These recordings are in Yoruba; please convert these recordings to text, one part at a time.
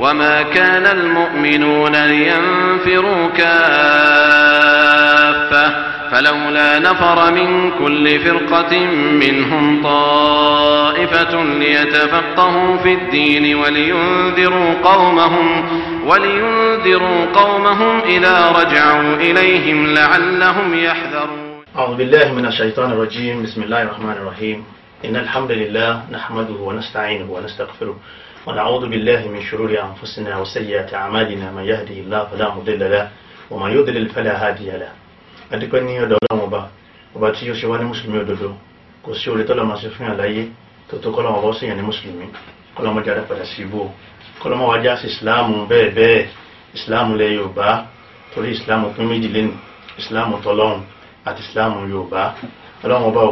وما كان المؤمنون لينفروا كافة فلولا نفر من كل فرقة منهم طائفة ليتفقهوا في الدين ولينذروا قومهم ولينذروا قومهم إذا رجعوا إليهم لعلهم يحذرون أعوذ بالله من الشيطان الرجيم بسم الله الرحمن الرحيم إن الحمد لله نحمده ونستعينه ونستغفره ونعوذ بالله من شرور أنفسنا وسيئات أعمالنا من يهده الله فلا مضل له ومن يضلل فلا هادي له adúpẹ́ ní ọ̀dọ̀ ọlọ́run ọba ọba tí yóò ṣe wá ní mùsùlùmí òdodo kò sí orí tọ́lọ́ máa ṣe fún àlàyé tó tó kọ́lọ́mọ ọba sèyàn ní mùsùlùmí kọ́lọ́mọ jáde padà sí ibò kọ́lọ́mọ wa já sí ìsìláàmù bẹ́ẹ̀ bẹ́ẹ̀ ìsìláàmù lẹ yorùbá torí ìsìláàmù pín méjì lẹ́nu ìsìláàmù tọlọ́run àti ìsìláàmù yorùbá ọlọ́run ọba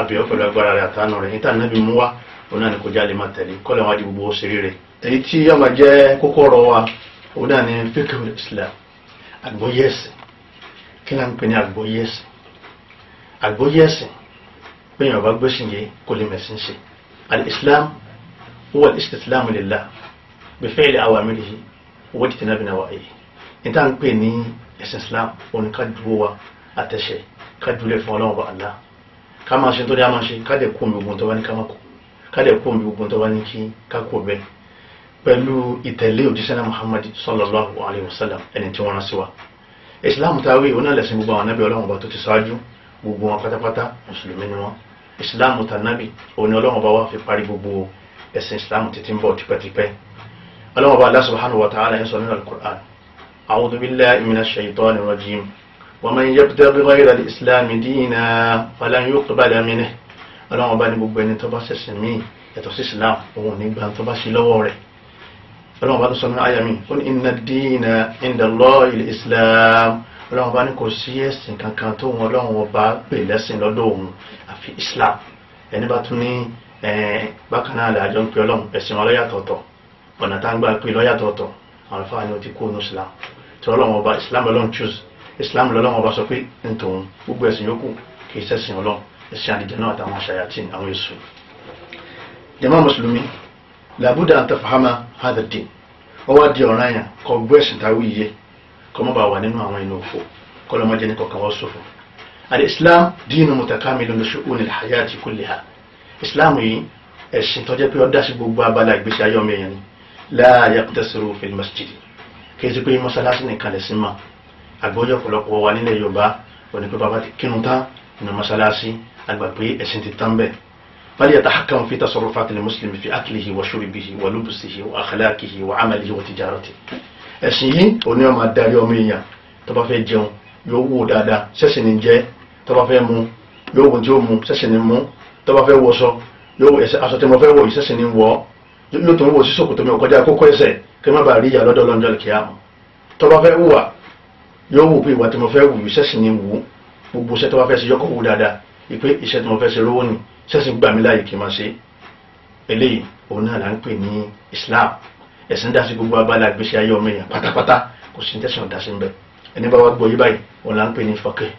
àbẹ̀wò pẹ̀lú agbára rẹ̀ àtànù rẹ̀ níta níbi mú wá òun náà ni kò jáde máa tẹ̀lé kọ́lẹ̀ wájú gbogbo òṣèré rẹ̀ èyí tí yóò máa jẹ́ kókó ọ̀rọ̀ wa òun ni fíkì islam àgbọ́yé ẹ̀sìn kí náà ń pè ní àgbọ́yé ẹ̀sìn pé yàrá gbèsè yé kò lè mẹ̀sìn ṣe al-islam huwa al-istislamu lillah bi fi'li awamirihi wa ijtinabi nawahihi níta ń pè ní ẹ̀sìn islam òun ká dúró wa àtẹ̀ṣẹ̀ ká dúró fún ọlọ́run Allah ká máa ṣe tó dé a máa kálẹ̀ kó omi gbogbo tó bá ní kí kákó bẹ́ẹ̀ pẹ̀lú ìtẹ̀lé òjíṣẹ́ náà Muhammad sallallahu alayhi wa sallam ẹni tí wọ́n rán sí wa ìsìláàmù táwé òun náà lẹ̀sìn gbogbo àwọn anábì ọlọ́run ọba tó ti ṣáájú gbogbo wọn pátápátá mùsùlùmí ni wọn ìsìláàmù tànábì òun ni ọlọ́run ọba wa fi parí gbogbo ẹ̀sìn ìsìláàmù títí ń bọ̀ tipẹ́tipẹ́ ọlọ́run ọba Allah subhanahu wa ta'ala yẹn sọ nínú al-Qur'an a'udhu billahi minash shaytanir rajim wa man yabtaghi ghayra al-islami dinan falan yuqbala minhu ọlọ́run ọba ní gbogbo ẹni tó bá ṣẹ̀sìn míì yàtọ̀ sí islam òun nígbà tó bá sí lọ́wọ́ rẹ̀ ọlọ́run ọba tó sọ nínú àyà mi ó ní inna ad-dīna 'inda Allāhi al ọlọ́run ọba ní kò sí ẹ̀sìn kankan tó wọn ọlọ́run ọba pè lẹ́sìn lọ́dọ̀ òun àfi islam ẹni bá tún ní bákan náà làjọ ń pe ọlọ́run ẹ̀sìn wọn lọ́yàtọ̀ọ̀tọ̀ ọ̀nà tá ń gbà pé lọ́yàtọ̀ọ̀tọ̀ àwọn afáà ni ó ti kó nu islam tí ọlọ́run ọba islam ọlọ́run choose islam lọ́lọ́run ọba sọ pé ntòun gbogbo ẹ̀sìn yòókù kì í ṣẹ̀sìn ọlọ́run ẹ̀sìn àlìjẹ̀nà àtàwọn ṣayatin àwọn èso jama mùsùlùmí làbúdà àtàfàhámà hàdàdì ọwọ́ di ọ̀ràn yẹn kọ gbọ́ ẹ̀sìn táwí yẹ kọ́ mọ́ bá wà nínú àwọn inú òfò kọ́ lọ́mọ jẹ́ ní kọ̀ọ̀kan wọ́n sọ̀fọ̀ al-islam dínú mutakamilun li shu'unil hayati kulliha islam yìí ẹ̀sìn tó jẹ́ pé ó dá sí gbogbo abala ìgbésí ayé ọmọ èèyàn la yaqtasiru fil masjid kì í ti pé mọ́sálásí nìkan lẹ̀sìn mọ́ àgbọ̀jọ́ ọ̀pọ̀lọpọ̀ wa nílẹ̀ yorùbá òní pé bàbá ti kírun tán nínú mọ́sálásí agbàgbé ẹ̀sìn ti tán bẹ́ẹ̀ fali yatahakam fi tasarufati muslim fi akilihi wa shuribihi wa lubusihi wa akhlaqihi wa amalihi wa tijarati ẹ̀sìn yìí òní ọmọ adarí ọmọ èèyàn tó bá fẹ́ jẹun yóò wò dáadáa sẹ́sìn ní jẹ tó bá fẹ́ mu yóò wò tí ó mu sẹ́sìn ní mu tó bá fẹ́ wọṣọ yóò ẹsẹ̀ aṣọ tí mo fẹ́ wọ̀ yìí sẹ́sìn ní wọ̀ yóò tó ń wò sí ṣòkòtò mi ò kọjá kókó ẹsẹ̀ kí n má bàa rí ìyà lọ́dọ̀ lọ́njọ́ kíámù tó bá fẹ́ wùwà yóò wò pé ìwà tí mo fẹ́ wù yìí sẹ́sìn ní wù gbogbo iṣẹ́ tó bá fẹ́ ṣe wù dáadáa ìpè iṣẹ́ tí mo fẹ́ ṣe lówó ni ṣẹ́sìn gbà mí láàyè kí n máa ṣe eléyìí òun náà là ń pè ní Islam ẹ̀sìn dá sí gbogbo abala ìgbésí ayé ọmọ èèyàn pátápátá kò sí tẹ̀sán dá sí ń bẹ̀ ẹni bá wá gbọ́ yí báyìí òun là ń pè ní fọ́kẹ́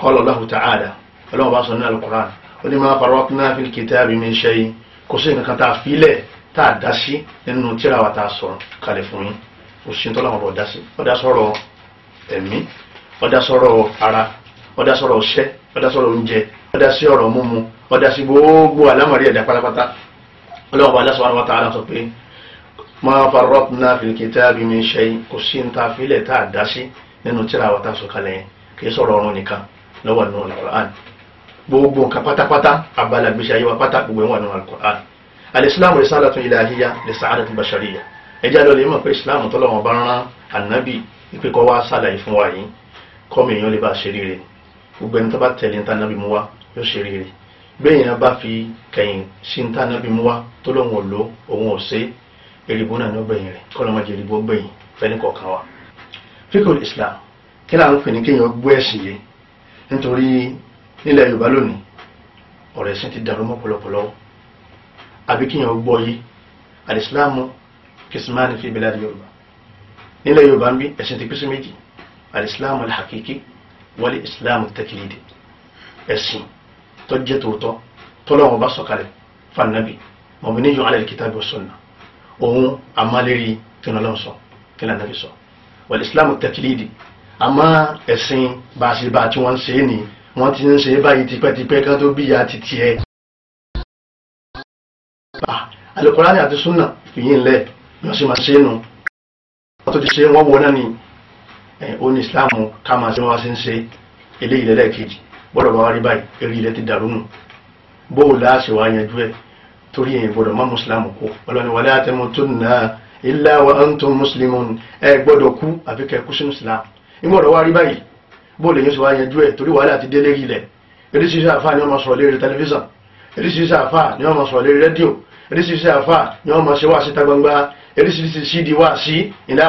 qala Allahu ta'ala ọlọ́run bá sọ ní alukur'an ó ní ma farratna fil kitabi min shay kò sí nǹkan tá a filẹ̀ tá a dá sí nínú tíra wa tá a sọ kalẹ̀ fún yín kò sí tọ́lá wọn bọ̀ dá sí ọ̀dà sọ̀rọ̀ ẹ̀mí ọ̀dà sọ̀rọ̀ ara ọ̀dà sọ̀rọ̀ ọ̀ṣẹ́ ọ̀dà sọ̀rọ̀ oúnjẹ ọ̀dà sí ọ̀rọ̀ mímu ọ̀dà sí gbogbo àlámọ̀rí ẹ̀dá pátápátá ọlọ́wọ́ Allah subhanahu wa ta'ala sọ pé ma farratna fil kitabi min shay kò sí ní ta filẹ̀ tá a dá sí nínú tíra àwọn táṣọ kalẹ̀ yẹn kì í sọ̀rọ̀ ọ̀run nìkan lọ́wọ́ nínú alukur'an gbogbo nǹkan pátápátá abala gbèsè ayé wa pátá gbogbo ìwà nínú alukur'an alisilamu risalatun ilahiyya li sa'adatil bashariyya ẹjẹ́ àlọ́ lè mọ̀ pé isilamu tọ́lọ́ wọn bá rán anabi ìpè kọ́ wa sálàyé fún wa yìí kọ́ mi èèyàn lè bá a ṣe rí rẹ̀ gbogbo ẹni tó bá tẹ̀lé ní tànàbí mu wa yóò ṣe rere bẹ́ẹ̀ yẹn bá fi kẹ̀yìn sí ń tà nábì mú wá tó lóun ò lò òun ò ṣe èrìbó náà ní ọgbẹ̀yìn rẹ̀ kọ́ ló máa jẹ èrìbó gbẹ̀yìn fẹ́ni kọ̀ọ̀kan wa. fíkọ̀ Islam kí láwọn fìní kéèyàn gbọ́ ẹ̀sìn yìí nítorí nílẹ̀ Yorùbá lónìí ọ̀rọ̀ ẹ̀sìn ti dàrú mọ́ pọ̀lọpọ̀lọ àbí kéèyàn gbọ́ yìí alìsílámù kìsìmánì fi bíládì Yorùbá nílẹ̀ Yorùbá ń bí ẹ̀sìn ti pín sí méjì alìsílámù alhakiki wal ìsìlámù tẹkìlìdì ẹ̀sìn tó jẹ́ tòótọ́ tọ́lọ́wọ́n bá sọ̀kalẹ̀ fanabi mọ̀mìnì yóò alẹ́ kìtàbí ọ̀sọ́nà òun àmàlérí kìnnàlọ́n sọ kìnnàlọ́n sọ wọ́n islam tẹ̀kìlìdì àmọ́ ẹ̀sìn bàṣìbà tí wọ́n ń ṣe é ní wọ́n ti ń ṣe é báyìí tipẹ́tipẹ́ kan tó bíyà ti tiẹ̀. Ah, alukurani àti sunna fìyín lẹ̀ wọ́n sì máa ṣe nu wọ́n ti ṣe wọ́n wọ ni eh, ó ní islam ká máa ṣe wọ́n ṣe ń ṣe eléyìí lẹ́lẹ́kejì bọ́dọ̀ máa rí báyìí eré ilẹ̀ ti dàrú nù bóun láà ṣe wá yanjú ẹ̀ torí ẹ̀yin gbọ́dọ̀ má mùsùlùmù kú ọlọ́ni wala tamutunna illa wa antum muslimun ẹ gbọ́dọ̀ kú àfi kẹ́ kú sí mùsùlùmù ìmọ̀ràn wá rí báyìí bóun lèyìn ṣe wá yanjú ẹ̀ torí wàhálà ti dé lérí ilẹ̀ eréṣiṣẹ́ àfáà ni wọ́n máa sọ̀rọ̀ lérí tẹlifíṣàn eréṣiṣẹ́ àfáà ni wọ́n máa sọ̀rọ̀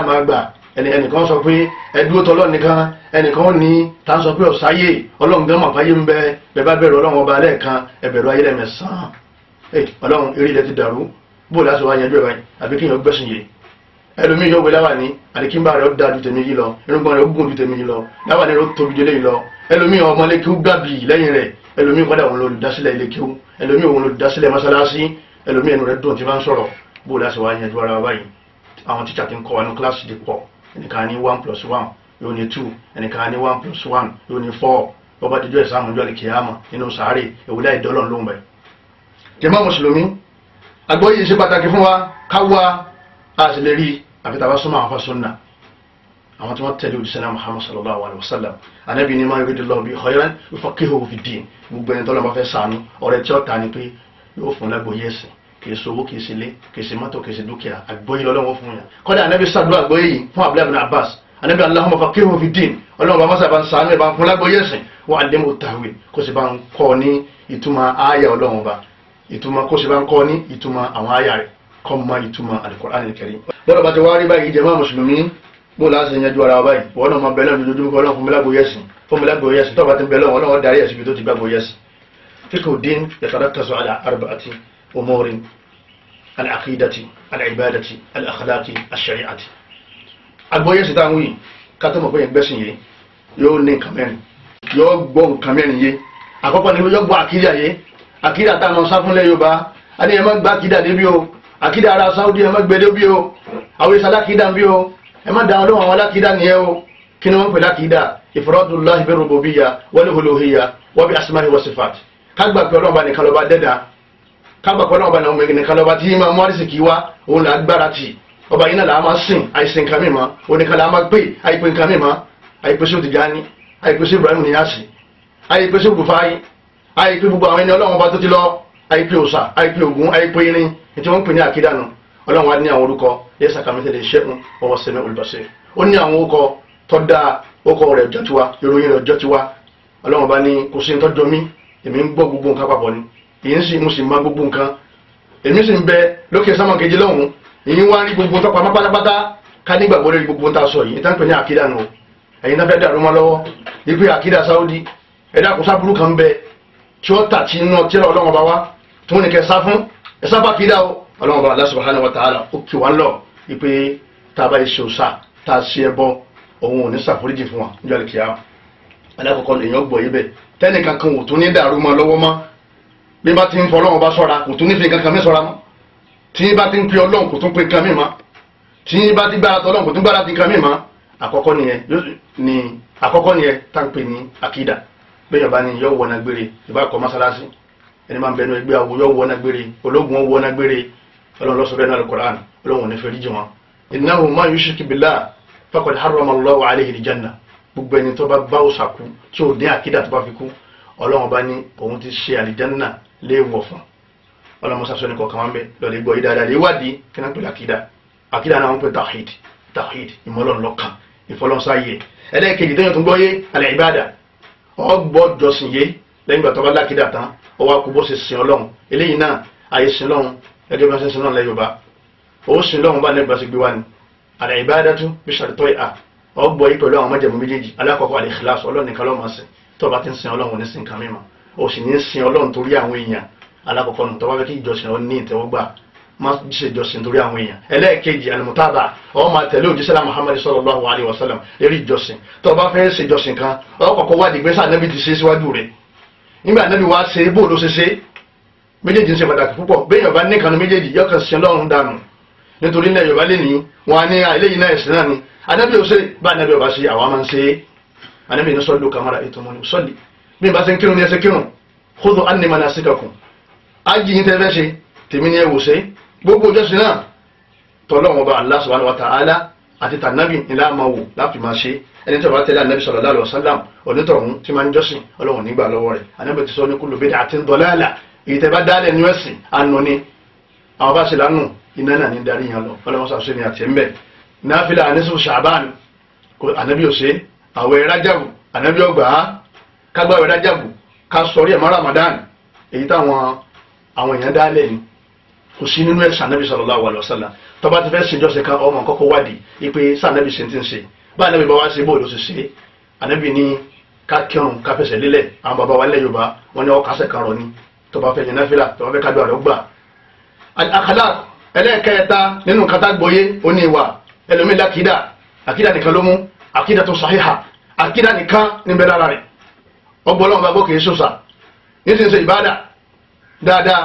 lérí ẹnìkan sọ pé ẹdúró tọlọ́ nìkan ẹnìkan ní tá a sọ pé ọ̀sáyé ọlọ́run gan màfáyé ń bẹ bẹ́ẹ̀ bá bẹ̀rù ọlọ́run ọba lẹ́ẹ̀kan ẹ̀bẹ̀rù ayé lẹ́mẹ̀sán ọlọ́run eré ilẹ̀ ti dàrú bóòlù àti wàá yanjú ẹ̀ báyìí àbí kíyàn gbẹ̀sùn yìí ẹlòmíì yóò wé láwàní àdìkínbà rẹ̀ ó da ju tèmi yìí lọ irúgbọ́n rẹ̀ ó gùn ju tèmi yìí lọ láwàní rẹ̀ ó tóbi ju eléyìí lọ ẹlòmíì ọmọlékéwú gàbì lẹ́yìn rẹ̀ ẹlòmíì kọ́dà òun lòdùdásílẹ̀ ilékéwú ẹlòmíì òun lòdùdásílẹ̀ mọ́sálásí ẹlòmíì ẹnu rẹ̀ dùn tí bá ń sọ̀rọ̀ bóòlù àti wàá yanjú ara wa báyìí àwọn tíṣà ti ń kọ́ wa ní kíláàsì ti pọ̀ ẹnìkan ní one plus one yóò ní two ẹnìkan ní one plus one yóò ní four bọ́bá dídú ẹ̀ sáàmù ìjọ kìyàmà nínú sàárè ìwúlẹ̀ ìdọ́lọ̀ ló ń bẹ̀. jàmá mùsùlùmí àgbọ́yé ṣe pàtàkì fún wa káwa a sì lè rí àfitàbá súnmọ́ àwọn fásúnà àwọn tí wọ́n tẹ̀lé òjíṣẹ́lá muhammad sallallahu alayhi wa sallam anabi ni ma yuridillahu bihi khayran yufaqihuhu fid-din gbogbo ẹni tọ́lọ́ bá fẹ́ sànú ọ̀rẹ́ tí ó ta ni pé yóò fún lágbóyè ẹ̀sìn kìí sowó kìí sílé kìí sí mọ́tò kìí sí dúkìá àgbóyè lọ́lọ́wọ́ fún yàn kọ́dà anabi sàdúrà àgbóyè yìí fún abdullahi bin abbas anabi allahumma faqihu fi din ọlọ́run bá mọ́sá bá ń sànú ẹ̀ bá ń fún lágbóyè ẹ̀sìn wọ́n àdéhùn òtàwé kó sì bá ń kọ́ ní ìtumọ̀ àyà ọlọ́run bá ìtumọ̀ kó sì bá ń kọ́ ní ìtumọ̀ àwọn àyà rẹ̀ kọ́ mọ ìtumọ̀ alukur'an karim. bọ́dọ̀ bá ti wá rí báyìí jẹ́mọ́ mùsùlùmí bó la ṣe yanjú ara wa báyìí wọ́n náà máa bẹ̀rẹ̀ lójoojúmọ́ kọ́ ọlọ́run fún mi lágbóyè ẹ̀sìn fún mi lágbóyè ẹ̀sìn tọ́ba ti ti أمور العقيدة العبادة الأخلاق الشريعة agbóyè sí táwọn yìí kátọ́mọ̀ pé ẹgbẹ́sìn yìí yóò ní nǹkan mẹ́rin yóò gbọ́ nǹkan mẹ́rin yìí àkọ́kọ́ ni yóò gbọ́ àkídà yìí àkídà táwọn sáfúnlẹ̀ Yorùbá a ní ẹ má gba àkídà débi o àkídà ara Sáúdí ẹ má gbé débi o àwọn ìsàlẹ̀ àkídà bí o ẹ má dáhùn lóhùn àwọn alákídà nìyẹn o kí ni wọ́n pè lákídà ìfọ̀rọ̀dùnláhi bi rububiyya wal uluhiyya wa bi asma'i wa sifat ká gbà pé Ọlọ́run bá nìkan ló bá dẹ́dàá kágbà pẹ̀lú ọba ìlànà mẹ́rin nìkan lọ́ba tí máa mú àrísìkí wá òun là á gbára tì ọba yìí náà là á máa sìn àìsìn nǹkan mìíràn oníkan là á máa pè àìpé nǹkan mìíràn àìpé sí òtìjáni àìpé sí Ibrahim níyàsí àìpé sí ògùnfàáyì àìpé gbogbo àwọn ẹni ọlọ́run ọba tó ti lọ àìpé òòṣà àìpé ògún àìpé irin ètò wọn pè ní àkídànù ọlọ́run wa ní àwọn orúkọ ìyẹn sì mo sì máa gbogbo nǹkan èmi sì ń bẹ lókè sámọ kejì lọ́hùn ìyẹn wá rí gbogbo tọpa pátápátá ká nígbàgbọ́ lórí gbogbo tá sọ yìí ìtàn ní àkídà nù ẹ̀yin náà fẹ́ dàrú mọ́ lọ́wọ́ ipe àkídà Saudi ẹ̀dá kò sábúrú kan bẹ tí ó tà tí iná tíra ọlọ́wọ́n bá wá tó ní kẹ sá fún ẹ sábà kídà o ọlọ́wọ́n bá Allah subhanahu wa ta'ala ó kì wá ń lọ ipe tába iṣẹ́ òsà tá a ṣe ẹbọ òun ò ní ṣàforíjì fún wa níjọ́ àlùkìyà alákọ̀ọ́kọ́ lèèyàn gbọ̀ yí bẹ́ẹ̀ tẹ́nìkan kan ò tún ní dàrú mọ́ lọ́wọ́ mọ́ bí bá ti ń fọ ọlọ́run bá sọ́ra kò tún nífẹ̀ẹ́ kankan mi sọ́ra mọ́ tí bá ti ń pe ọlọ́run kò tún pe nǹkan mi mọ́ tí bá ti gbára tọ́ ọlọ́run kò tún gbára ti nǹkan mi mọ́ àkọ́kọ́ nìyẹn ni àkọ́kọ́ nìyẹn tá ń pè ní àkídà bẹ́ẹ̀ bá ní yọ wọnà gbére ìbá kọ́ mọ́sálásí ẹni máa ń bẹnu ẹgbẹ́ àwò yọ wọnà gbére ológun wọnà gbére ọlọ́run lọ́sọ̀ bẹ́ẹ̀ náà Al-Qur'an ọlọ́run ní fẹ́rí jì wọn. innahu man yushrik billah faqad harrama Allahu léèwọ̀ fún ọlọmọsàsọ ní kọ̀ọ̀kan wọn bẹ lọlẹ gbọ ìdáadáa lè wádìí kí náà pèlè àkídà àkídà náà wọn pè tawhid tawhid ìmọlọ́nlọ́kan ìfọlọ́nsáyé ẹlẹ́ẹ̀kejì tẹ́yìn tó gbọ́ yé alẹ́ ìbáàdà ọgbọ́ jọsìn yé lẹ́yìn ìgbà tó bá lákìdá tán ó wá kú bó ṣe sìn ọlọ́run eléyìí náà àyè sìn lọ́run ẹjọ́ bí wọ́n ṣe sìn lọ́run lẹ́yìn yorùbá ó sìn lọ́run bá nígbà ṣe gbé wá ni alẹ́ ìbáàdà tún bí ṣàtúntọ́ ìhà ọgbọ́ yìí pẹ̀lú àwọn májẹ̀mú méjèèjì alákọ̀ọ́kọ́ alẹ́ ìkìláṣ o sì ní sin ọlọ́run torí àwọn èèyàn alákọ̀ọ́kọ́ nù tọ́wọ́ fẹ́ kí ìjọsìn ọ ní ìtẹ́wọ́gbà má ṣe ìjọsìn torí àwọn èèyàn ẹlẹ́ẹ̀kejì alimutaba ọ máa tẹ̀lé òjíṣẹ́lá muhammad sallallahu alayhi wa sallam eré ìjọsìn tó bá fẹ́ ṣe ìjọsìn kan ọ kọ́kọ́ wádìí gbé sáà nẹ́bí ti ṣe síwájú rẹ̀ nígbà nẹ́bí wá ṣe bó ló ṣe ṣe méjèèjì ń ṣe pàtàkì púpọ̀ bẹ́ẹ̀ yọ̀bá níkanu méjèèjì yọkàn sí ọlọ́run dànù nítorí náà yorùbá lè ní wọn ní eléyìí náà ẹsẹ náà ni anabi ò ṣe bá anabi ọba ṣe àwa máa ń ṣe anabi ní sọlù kamara ètò mọ ni bí n bá ṣe ń kírun ní ẹsẹ̀ kírun khudu anni manasikakum ájì yín tẹ́ fẹ́ ṣe tèmi ní ẹwò ṣe gbogbo ìjọsìn náà tọ́lọ́wọ́n bá Allah subhanahu wa ta'ala àti tànàbì ńlá máa wò láti máa ṣe ẹni tí wọ́n tẹ̀lé ànábì sallallahu alaihi wasallam onítọ̀hún tí máa ń jọ́sìn ọlọ́run nígbà lọ́wọ́ rẹ̀ ànábì ti sọ ní kullu bid'atin dalalah ìtẹ́ bá dálẹ̀ ní ẹ̀sìn àánú ni àwọn bá ṣe lánàá iná náà ní darí yẹn lọ ọlọ́run sàṣẹ ní àti ẹ̀mẹ́ náfìlà àníṣù ṣàbán ànábì òṣè àwẹ̀ rájàbù ànábì ọgbà ká gbọ́ ìwé dájàbù ká sọrí ẹ̀ mọ́ Ramadan èyí táwọn àwọn èèyàn dálẹ̀ ni kò sí nínú ẹ̀sán nàbì sallallahu alaihi wasallam tó bá ti fẹ́ ṣe jọ́sìn kan ọmọ kọ́kọ́ wádìí ipe sànàbì ṣe ti ń ṣe bá ànàbì bá wá sí bóòlù ṣe ṣe ànàbì ní ká kírun ká fẹsẹ̀ lélẹ̀ àwọn bàbá wa lẹ̀ Yorùbá wọn ni ọ kásẹ̀ kan rọ ni tó bá fẹ́ yẹn náfìlà tó bá kájọ àrẹ gbà. àkàlà ẹlẹ́ẹ̀kẹta nínú kata gbòye oní ìwà ẹlòmíì lákìdá àkìdá nìkan ló mú àkìdá tó sàhíhà àkìdá nìkan níbẹ̀ lára rẹ̀ ọgbọlọ lọ́wọ́ gbàgbọ́ kì í sòsà yín sì ń ṣe ìbáàdà dáadáa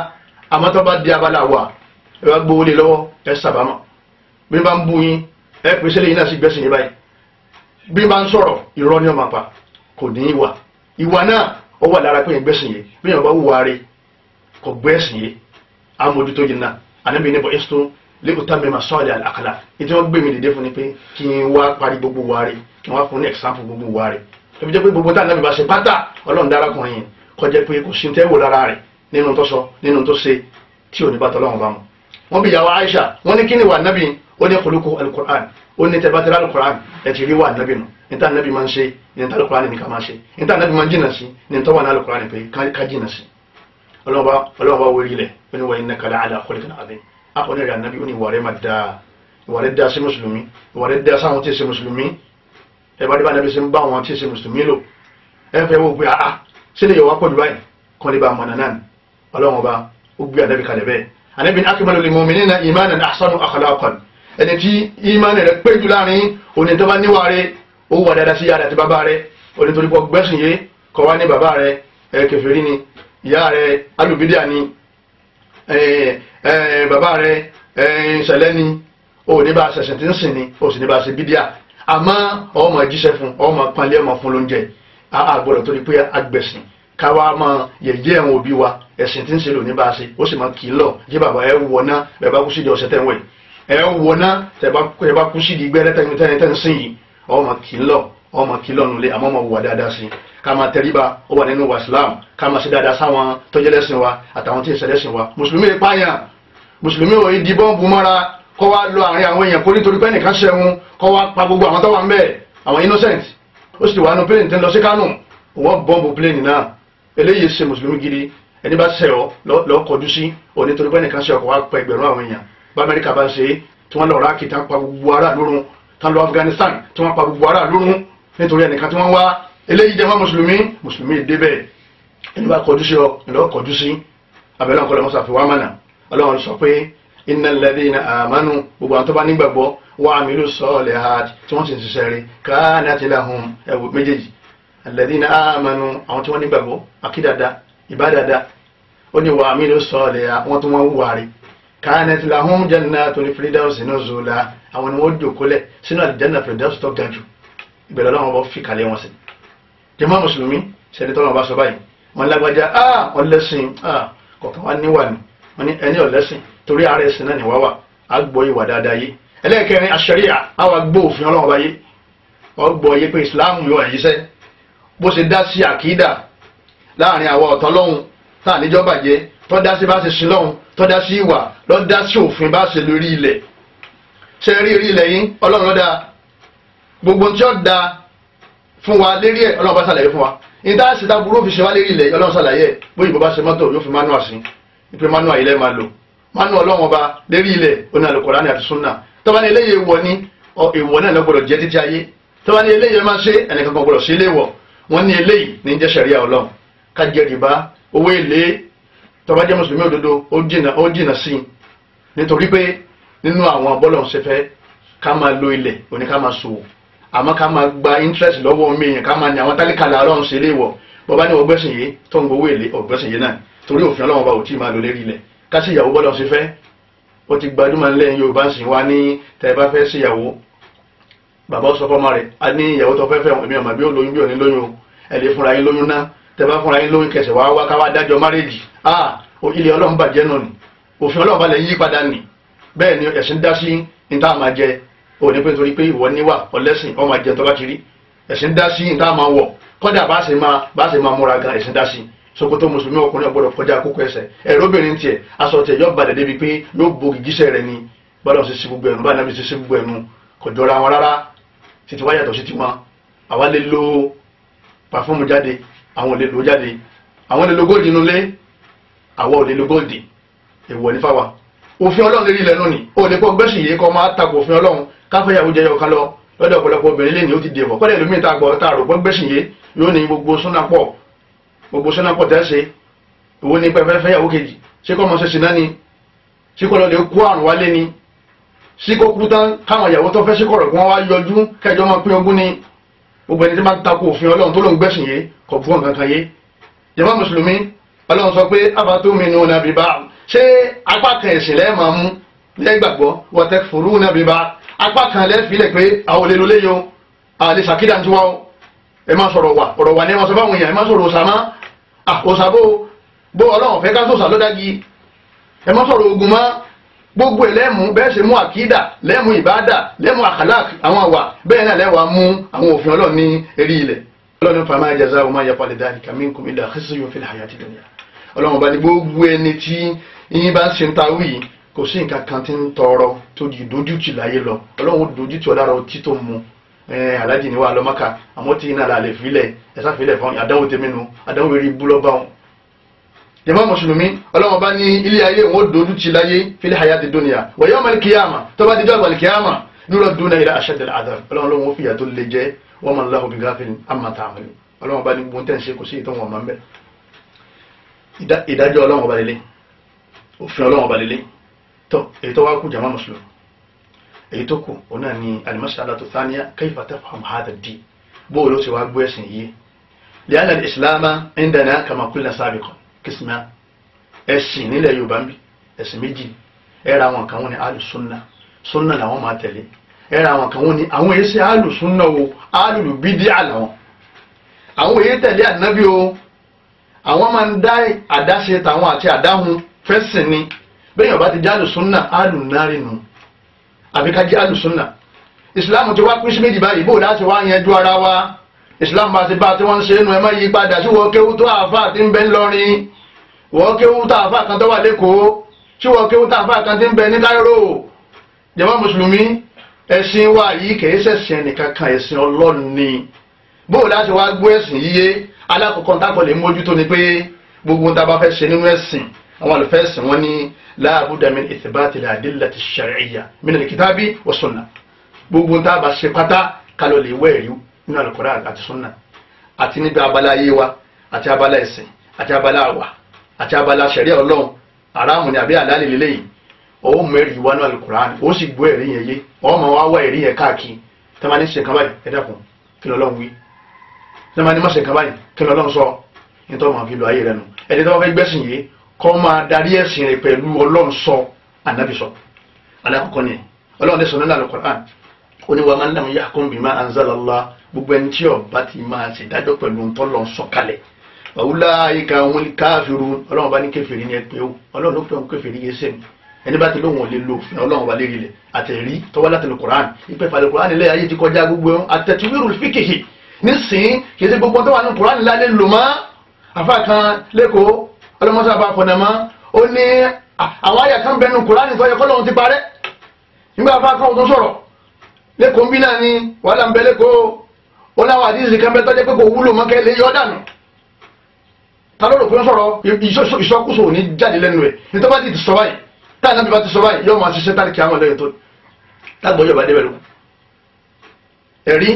àmọ́ di abala wà ẹ bá gbowó lé lọ́wọ́ ẹ sàbámọ̀ bí bá ń bú yín ẹ pèsè lẹ́yìn náà sì gbẹ́sìn yín báyìí bí bá ń sọ̀rọ̀ irọ́ ni ọmọ àpá kò ní ìwà ìwà náà ó wà lára pé yẹn gbẹ́sìn yìí bí yẹn bá wùwà rẹ̀ kò gbẹ́sìn yìí amójútó náà ní bọ́ gbogbo n gbogbo tó fi jẹ́ pé gbogbo táwọn ìbáṣe pátá ọlọ́run dárakùnrin yẹn kọjá pé kò sí tẹ́wò lára rẹ̀ nínú tó sọ nínú tó ṣe tí ò ní bá tọ́lọ́run bá mu. wọ́n bi ìyàwó Aisha wọ́n ní kíni wà nábì ó ní kòlókò alukur'an ó ní tẹ́bátẹ́rẹ́ alukur'an ẹ̀ ti rí wà nábì nù níta nábì máa ń ṣe níta alukur'an nìkan máa ṣe níta nábì máa ń jìnà sí níta wà ní alukur'an pé ká jìnà sí. ọlọ́run bá wọlé ilẹ̀ ó ní wà innaka la'ala khuluqin ẹ bá débà nàbí ṣe ń bá àwọn tí ń ṣe mùsùlùmí lò ẹ fẹ́ wọ́n gbé àá ah, sílẹ̀ ah, yọ̀wá pọ̀ jù báyìí kan lè ba àmọ̀nà náà ni ọlọ́run ọba ó gbé ànábì kalẹ̀ bẹ́ẹ̀ ànábì akmalu lil mu'minina imanan ahsanu akhlaqan ẹni tí ìmánì rẹ̀ pé jù láàrin òní tó bá níwà rẹ̀ ó wà dáadáa sí yàrá àti bàbá rẹ̀ òní torí pọ̀ gbẹ́sùn yé kọ́ wá ní bàbá rẹ̀ ẹ kèfèrí ni ìyá rẹ̀ alùbídíà ni bàbá rẹ̀ ìṣẹ̀lẹ̀ ni òní bá ṣẹ̀ṣẹ̀ tí ń sìn ni òsì ní bá ṣe bídíà àmọ́ ọmọ jíṣẹ́ fún ọmọ panlẹ́ ọmọ fún lóúnjẹ àgbọ̀dọ̀ torí pé agbẹ̀sìn káwa máa yẹ̀yẹ́ àwọn òbí wa ẹ̀sìn tí ń ṣe lò ní bá a ṣe ó sì máa kì í lọ jẹ́ bàbá ẹ wọná bẹ́ẹ̀ bá kú sídìí ọ̀sẹ̀ tẹ̀ ń wẹ̀ ẹ wọná tẹ̀ bá kú sídìí gbẹ́rẹ́ tẹ̀ ń sìn yìí ọmọ kì í lọ ọmọ kì í lọ nulẹ̀ àmọ́ ọmọ wà dáadáa sí i ká máa tẹríba ó wà nínú wàsílám ká máa ṣe dáadáa sáwọn tọ́jẹ́lẹ́sìn wa àtàwọn tí ì kọ́ wá lọ àárín àwọn èèyàn kó nítorí pé nìkan ṣẹ̀wọ̀n kọ́ wá pa gbogbo àwọn tó wà ń bẹ̀ àwọn innocent ó sì wà nù plane tẹ́ lọ sí Kánò wọ́n bọ́ǹbù plane náà eléyìí ṣe mùsùlùmí gidi ẹni bá ṣẹ̀ ọ́ lọ́ọ́ kọjú sí ò nítorí pé nìkan ṣẹ̀ ọkọ̀ wá pa ẹgbẹ̀rún àwọn èèyàn bá Amẹ́ríkà bá ṣe tí wọ́n lọ Iraq tán pa gbogbo ara lórun tán lọ Afghanistan tí wọ́n pa gbogbo ara lórun nítorí ẹnìkan tí wọ́n wá eléyìí jẹ́ mọ́ mùsùlùmí mùsùlùmí èdè bẹ́ẹ̀ ẹni bá kọjú sí ọ lọ́ọ́ kọjú sí abẹ́lẹ́ innal ladhina amanu gbogbo àwọn tó bá nígbàgbọ́ wa amilu salihati tí wọ́n sì ń ṣiṣẹ́ rí kanat lahum ẹ̀wò méjèèjì alladhina amanu àwọn tí wọ́n nígbàgbọ́ akídàdá ìbádàdá ó ní wa amilu salihati wọ́n tún wọ́n wà rí kanat lahum jannatul firdausi nuzula àwọn ni wọ́n jòkólẹ̀ sínú aljanna firdausi tó gajù ìbẹ̀rẹ̀ ọlọ́run bọ́ fi kàlẹ́ wọn torí ara ẹ̀sìn náà nìwá wà á gbọ́ ìwà dáadáa yé ẹlẹ́ẹ̀kẹrin àṣẹríà á wà gbọ́ òfin ọlọ́run báyé ọgbọ́ yé pé ìsìláàmù yọ ẹ̀yìn sẹ́ bó ṣe dá sí àkídà láàrin àwa ọ̀tọ́ lọ́hùn tá à níjọ́ bàjẹ́ tó dá sí bá ṣe sin lọ́hùn tó dá sí ìwà ló dá sí òfin bá ṣe lórí ilẹ̀ ṣe rí rí ilẹ̀ yín ọlọ́run ló dá gbogbo tí ó dá fún wa lérí ẹ̀ ọlọ́run bá ṣàlàyé fún wa ìdá ṣe tá burú fi ṣe wá lérí ilẹ̀ ọlọ́run ṣàlàyé bóyìnbó bá ṣe mọ́tò yóò fi mánú àṣín ìpè mánú àyílẹ̀ máa lò mánú ọlọ́run ọba lérí ilẹ̀ oní àlùkùránì àti súnà tọ́ba ní eléyìí èèwọ̀ ni èèwọ̀ náà lọ́gbọ̀dọ̀ jẹ́ títí ayé tọ́ba ní eléyìí máa ṣe ẹnìkan kan gbọ́dọ̀ sí ilé wọ̀ wọ́n ní eléyìí ní jẹ́ sẹ̀ríà ọlọ́run ká jẹ rìbá owó èlé tọ́ba jẹ́ mùsùlùmí òdodo ó jìnà ó jìnà sí i nítorí pé nínú àwọn bọ́lọ̀ ṣẹfẹ́ ká máa lo ilẹ̀ òní ká máa ṣòwò àmọ́ ká máa gba interest lọ́wọ́ omi èèyàn ká máa ní àwọn tálíkà làárọ̀ ń ṣe ilé wọ̀ bọ́ba ní ọgbẹ́sìn yìí tó ká ṣèyàwó bọ́dọ̀ ṣe fẹ́ ó ti gbajúmọ̀ nílẹ̀ Yorùbá sì wá ní tẹ́ ẹ bá fẹ́ ṣèyàwó bàbá sọ fọ́mọ rẹ̀ a ní ìyàwó tó fẹ́ fẹ́ èmi àmọ́ bí ó lóyún bí ò ní lóyún ẹ lè fúnra yín lóyún náà tẹ́ fúnra yín lóyún kẹsẹ̀ wá wá ká wá dájọ́ márèèjì ah ilé Ọlọ́run bàjẹ́ nù ni òfin Ọlọ́run balẹ̀ yí padà nì bẹ́ẹ̀ ni ẹ̀sìn dá sí ní tá a máa jẹ òní pé nítorí pé ìwọ níwà ọlẹ́sìn ọmọ àjẹntọ́ bá ti rí ẹ̀sìn dá sí ní máa wọ̀ kọ́dà bá ṣe máa bá ṣe máa múra gan ẹ̀sìn dá sí ṣòkòtò mùsùlùmí ọkùnrin ọgbọ́dọ̀ kọjá kókó ẹsẹ̀ ẹ̀rọ obìnrin tiẹ̀ aṣọ tiẹ̀ yóò balẹ̀ débi pé yóò bogi jíṣẹ́ rẹ̀ ni bọ́dọ̀ sì sí gbogbo ẹnu báyìí sì sí gbogbo ẹnu kò jọra wọn rárá sì ti wáyàtọ̀ àwa lè lo pàfọ́ọ̀mù jáde àwọn ò lè lo jáde àwọn lè lo góòdì inú lé àwa ò lè lo góòdì èèwọ̀ ní fáwa òfin ọlọ́run lérí ilẹ̀ lónìí ó lè kó gbẹ́sì yìí kó máa takò òfin ọlọ́run káfíyàwó jẹyọ kan lọ lọ́dọ̀ ọ̀pọ̀lọpọ̀ obìnrin lé ní ó ti dèwọ̀ kọ́lẹ̀ lómi ta gbọ́ ta rò gbẹ́sì yìí yóò ní gbogbo súnà pọ̀ gbogbo sọ́nà pọ̀ tẹ́ ṣe ìwọ ni pẹ́ fẹ́ yàwó kejì ṣé kọ́ ọmọ ṣe ṣìnà ni ṣé kọ́ lọ́ọ́ lè kó àrùn wálé ni ṣé kó kú tán káwọn ìyàwó tó fẹ́ ṣe kọ̀rọ̀ kí wọ́n wá yọjú kẹjọ máa pín ogún ni gbogbo ẹni tí máa ń takò òfin ọlọ́run tó ló gbẹ̀sìn yé kọ̀ fún ọ̀gá kan yé jàmá mùsùlùmí ọlọ́run sọ pé abatu minu nàbí bá ṣé apá kan ẹ̀sìn lẹ́ẹ̀ máa mú lẹ́gbàgbọ́ wọ́tẹ́ fòrú nàbí bá apá kan lẹ́ẹ̀ filẹ̀ pé àwọn olè lólé yo àlè sàkídà ń tiwá o ẹ má sọ̀rọ̀ wà ọ̀rọ̀ wà ní ẹ má sọ fáwọn èèyàn ẹ má sọ̀rọ̀ ọ̀sàmá àkọsàbò bó ọlọ́run fẹ́ ká sòsà ló dági ẹ má sọ̀rọ̀ ogun mọ́ gbogbo ẹ̀ lẹ́mú bẹ́ẹ̀ ṣe mú àkídà lẹ́mú ìbáàdà lẹ́mú àkàlàkì àwọn àwà bẹ́ẹ̀ náà lẹ́wàá mú àwọn òfin ọlọ́run ní eré ilẹ̀ ọlọ́run fama jaza ọmọ ayẹpọ̀ lè dáa nìkan mí nkùnmí dáa kí yóò fi láyà ti dùn yà ọlọ́run bá ní gbogbo ẹni tí yín bá ń ṣe ń ta wíì kò sí nǹkan kan tí ń tọrọ tó di dójútì láyé lọ ọlọ́run dójútì ọ̀dára Eh, alájì ni wà lọ́mọ́ka àmọ́ tí iná làlẹ́ filẹ̀ ẹ̀sà filẹ̀ fún àdánwò tèmi nu àdánwò eré ibú lọ́ba wọn. jàmá mùsùlùmí ọlọ́wọ́n bá ní ilé ayé wọn ò dojú ti láyé fílẹ̀ hayati dunya wa yawmal qiyamah tó bá dijọ́ àgbàlẹ̀ kíyàmà yuradduna ila ashaddil adhab ọlọ́wọ́n lọ́wọ́ fìyà tó lè jẹ́ wa ma Allahu bi ghafilin amma ta'malun ọlọ́wọ́n bá ní gbogbo tẹ̀ ń ṣe kò sí ìtọ́ wọn máa ń bẹ̀. ida ọlọ́wọ́n bá lélẹ̀ òfin ọlọ́wọ́n bá lélẹ̀ tó èyí tó wá kú jàmá mùsùlùmí èyí tó kù òun náà ni al-mas'alatu thaniya kayfa tafham hadha ad-din bóòlù ó ti wá gbé ẹ̀sìn yìí li'anna al-islama indana kama qulna sabiqan qisman ẹ̀sìn nílẹ̀ yorùbá ń bí ẹ̀sìn méjì ẹ̀rọ àwọn kan wọn ni alùsùnà sùnà làwọn máa tẹ̀lé ẹ̀rọ àwọn kan wọn ni àwọn èyí ṣe alùsùnà o alùlùbídíà làwọn àwọn èyí tẹ̀lé ànábì o àwọn máa ń dá àdáṣe tàwọn àti àdáhùn fẹ́sìn ni bẹ́ẹ̀ yọ̀bá ti jálù sùnà alùnárìnù àbí ká jẹ́ àlùsùnà ìsìláàmù ti wá pín sí méjì báyìí bóòlù láti wá yanjú ara wa ìsìláàmù bá ti bá tí wọ́n ń ṣe é nu ẹ má yí padà sí wọ́n kéwú tó àáfà ti ń bẹ ńlọrin wọ́n kéwú tó àáfà kan tó wà lẹ́kọ̀ọ́ tí wọ́n kéwú tó àáfà kan ti ń bẹ ní Káírò jàmá mùsùlùmí ẹ̀sìn wa yìí kì í ṣẹ̀sìn ẹnìkankan ẹ̀sìn Ọlọ́run ni bóòlù láti wá gbọ́ ẹ̀sìn àwọn alufẹ́sìn wọn ní láàbùdà min ìtìbátì àdìlẹ̀ ti ṣàríyà min kìtàbí wa sunna gbogbo tá a bá ṣe pátá kálọ̀ lè wẹ̀ rí nínú alukóra àti sunna àti níbi abala ayé wa àti abala ẹ̀sìn àti abala àwà àti abala ṣẹ̀ríà ọlọ́run aráàmù ni àbí àlálì lélẹ́yìn ó mẹ́rin ìwà nínú alukóra ó sì gbọ́ ẹ̀rí yẹn yé ọmọ wa wá ẹ̀rí yẹn káàkiri tẹ́lẹ̀ kọ́ máa darí ẹ̀sìn rẹ̀ pẹ̀lú ọlọ́run sọ ànábì sọ alákọ̀ọ́kọ́ ni ọlọ́run lẹ́sọ̀ọ́ nínú Al-Qur'an ó ní wa man lam yahkum bima anzala Allah gbogbo ẹni tí ó bá ti máa ṣèdájọ́ pẹ̀lú ń tọ́lọ́ sọ kalẹ̀ ulaika humul kafirun ọlọ́run bá ní kèfèrí ni ẹ pé ó ọlọ́run ló fẹ́ràn kèfèrí yé sẹ́yìn ẹni bá ti lóhùn òlé lò fún ọlọ́run wà lérí rẹ̀ àtẹ̀rí tọ́wọ́ láti lu Qur'an ìpè falẹ̀ Qur'an ilé ayé ti kọjá gbogbo àtẹ̀túwìrù fíkìhì nísìnyí kì í ṣe gbogbo tó wà ní Qur'an lálẹ́ lò mọ́ àfa kan lẹ́kọ̀ọ́ ọlọ́mọṣẹ́ bá pọ̀nà mọ́ ó ní àwọn àyà kan bẹnu kùránì tó yẹ kọ́ lóun ti parẹ́ nígbà bá kọ́ tó sọ̀rọ̀ lẹ́kọ̀ọ́ ń náà ni wàhálà ń bẹ lẹ́kọ̀ọ́ ó láwọn àdìsí kan bẹ tọ́jú pé kò wúlò mọ́ kẹ́lẹ́ yọ dànù ta ló rò pé ń sọ̀rọ̀ ìsọkúsọ ò ní jáde lẹ́nu ẹ̀ nítorí bá ti sọ báyìí táà náà bí bá ti sọ báyìí yóò máa ṣiṣẹ́ tá kí àwọn ẹlẹ́yìn tó tágbọ́ yóò bá débẹ̀ lọ. ẹ̀rí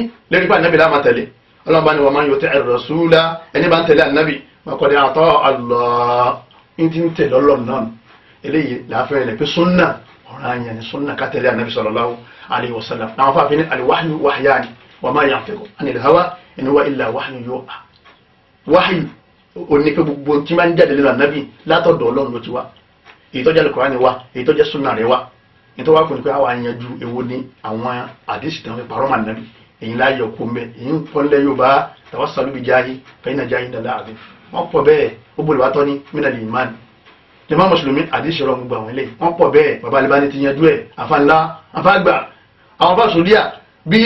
lẹ́rìí mọ̀kọ́dé àtọ́ àlọ́ ìdí ń tẹ̀lé ọlọ́run náà eléyìí làáfẹ́ ilẹ̀ pé súnà ọ̀rọ̀ àyàn ni súnà kátẹ́lẹ́ ànábì sallallahu alayhi wa sallam àwọn fàáfin ní al-wahyu wahyani wa ma yantiqu anil hawa in huwa illa wahyu yuha wahyu onípe gbogbo tí máa ń jáde lẹ́nu ànábì látọ̀dọ̀ ọlọ́run ló ti wá èyí tó jẹ́ al-Qur'ani wa èyí tó jẹ́ súnà rẹ̀ wa èyí bi jahi fa inna jahi dàda àdìsí wọ́n pọ̀ bẹ́ẹ̀ ó bolè wá tọ́ ní minal iman jàmá mùsùlùmí àdéṣe ọ̀rọ̀ gbogbo àwọn ilé wọ́n pọ̀ bẹ́ẹ̀ bàbá alibani ti yanjú ẹ̀ àfànlá àfàgbà àwọn afá sòdíà bí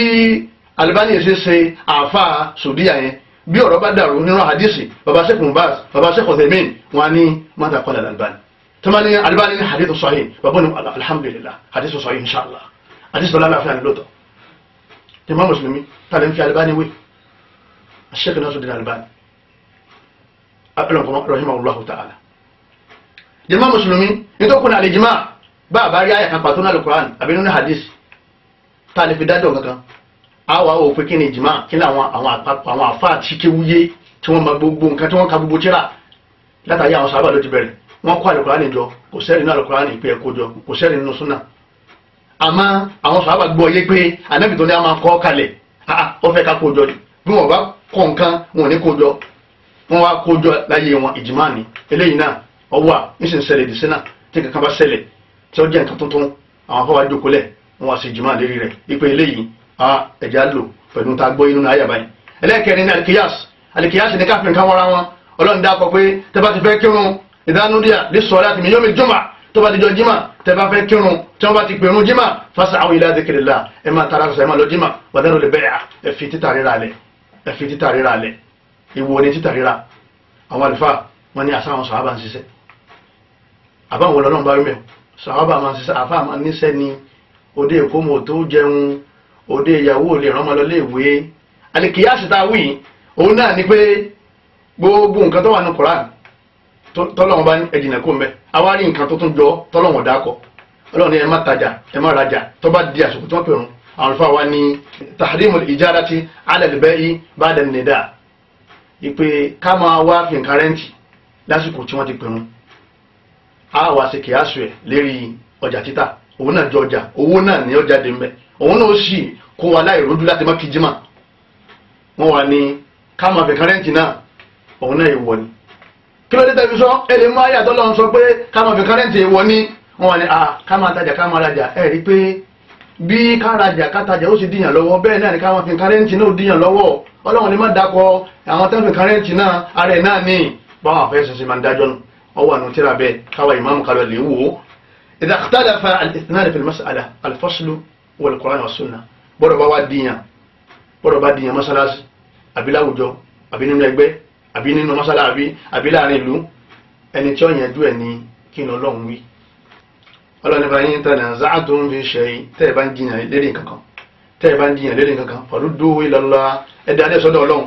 alibani ṣe ṣe àfá sòdíà yẹn bí ọ̀rọ̀ bá dàrú nínú àdéṣe bàbá sẹ́kùn bá bàbá sẹ́kùn tẹ̀mí wọn á ní mọ́tà kọ́lá alibani tọ́mọ́ni alibani ní hadith sahih bàbá ní alhamdulillah hadith sahih inshallah hadith sọ̀rọ̀ aláfẹ́ àni lóòótọ́ jàmá mùsùlùmí tàbí fi alibani wé aṣẹ́kùn náà sọ̀dẹ̀ rahimahullahu ta'ala jàmá mùsùlùmí nítorí kùnà àlejìmá bá a bá rí àyà kan pàtó náà lùkùrán àbí nínú hadith tá a lè fi dájọ́ kankan a wà ó pé kí ni jìmá kí ni àwọn àwọn àfa tí kéwúyé tí wọ́n ma gbogbo nǹkan tí wọ́n ka gbogbo tíra látàrí àwọn sábà ló ti bẹ̀rẹ̀ wọ́n kó àlùkùrán jọ kò sẹ́rì nínú àlùkùrán ìpè ẹ̀kọ́ jọ kò sẹ́rì nínú súnà àmọ́ àwọn sábà gbọ́ yé pé anábìtàn ni a máa kọ́ kalẹ̀ ọ̀fẹ́ ká kó jọ bí wọ́n bá kọ̀ nǹkan wọn ò ní kó jọ wọ́n wá kójọ láyé wọn ìjìmá ni eléyìí náà ọwọ́ à nísìnyí ṣẹlẹ̀ ìdìsẹ́ náà tí kankan bá ṣẹlẹ̀ tí ó jẹ́ nǹkan tuntun àwọn afọwọ́ àjòkólẹ̀ wọ́n wá sí ìjìmá lérí rẹ̀ ipe eléyìí a ẹ̀já lò pẹ̀lú tá a gbọ́ inú àyàbá yìí ẹlẹ́kẹ̀rin ní alikiyas alikiyas ní káfíń kan wọ́ra wọn ọlọ́run dákọ̀ pé tẹ́ bá ti fẹ́ kírun ìdánúdíà lè sọ láti mi yóò mi jùmọ̀ tó bá ti jọ jimá tẹ́ àwọn ilé adékèrè la ẹ máa tara kọsẹ̀ ẹ máa lọ jimá wàdánù lè bẹ́ẹ̀ ẹ fi títà rírà lẹ̀ ẹ fi títà rírà lẹ̀ ìwọ ni títà ríra àwọn àlùfáà wọn ni àṣà àwọn sàhábà ń ṣiṣẹ́ àbáwọn ọlọ́run bá rí mẹ́ sàhábà máa ń ṣiṣẹ́ àfáà máa ń ni òde ìkómọ tó jẹun òde ìyàwó lè rán ọmọ lọ léèwé àlìkìyàsí tá a wí òun náà ni pé gbogbo nǹkan tó wà ní koran tọ́lọ́wọ́n bá ní ẹ̀jìnà kó mbẹ́ àwa rí nǹkan tó tún jọ tọ́lọ́wọ́n dákọ̀ ọlọ́run ni ẹ má tajà ẹ má rajà tó bá di àsìkò tó ń pè rún àwọn àlùfáà wa ní tahrimul ijarati ala al-ba'i ba'da an-nida' ipe ká máa wá fi lásìkò tí wọ́n ti pinnu A wà sí kìásù ẹ̀ lérí ọjà títà òun náà jẹ ọjà owó náà ní ọjà mbẹ òun náà sì kó wa láì rojú láti má wà ní ká máa náà ni kí ló dé sọ ẹ lè mú ayé sọ pé ká máa ni wọn wà ní a ká máa tajà ká máa rajà ẹ rí i pé bí ká rajà ká tajà ó sì díyàn lọ́wọ́ bẹ́ẹ̀ ni ká máa ọlọ́run ni má dakọ àwọn tẹ́sán kan rẹ́ǹtì náà ara ẹ̀ náà ní báwọn afẹ́sẹ̀ sì máa ń dájọ́ nù ọwọ́ àná tíra bẹ́ẹ̀ káwa ìmáàmù kalọ̀ lè wò ó. idha ikhtalafa al-ithnani fil mas'ala al-faslu wal-Qur'an was-sunnah bọ́dọ̀ bá wá dìyàn bọ́dọ̀ bá dìyàn mọ́sálásí àbí láwùjọ àbí nínú ẹgbẹ́ àbí nínú mọ́sálá àbí láàrin ìlú ẹni tí ó tẹ́ ẹ bá ń jiyàn lédè kankan fàlú dúró ìlàlá ẹ̀dá alẹ́ sọ́dọ̀ ọlọ́run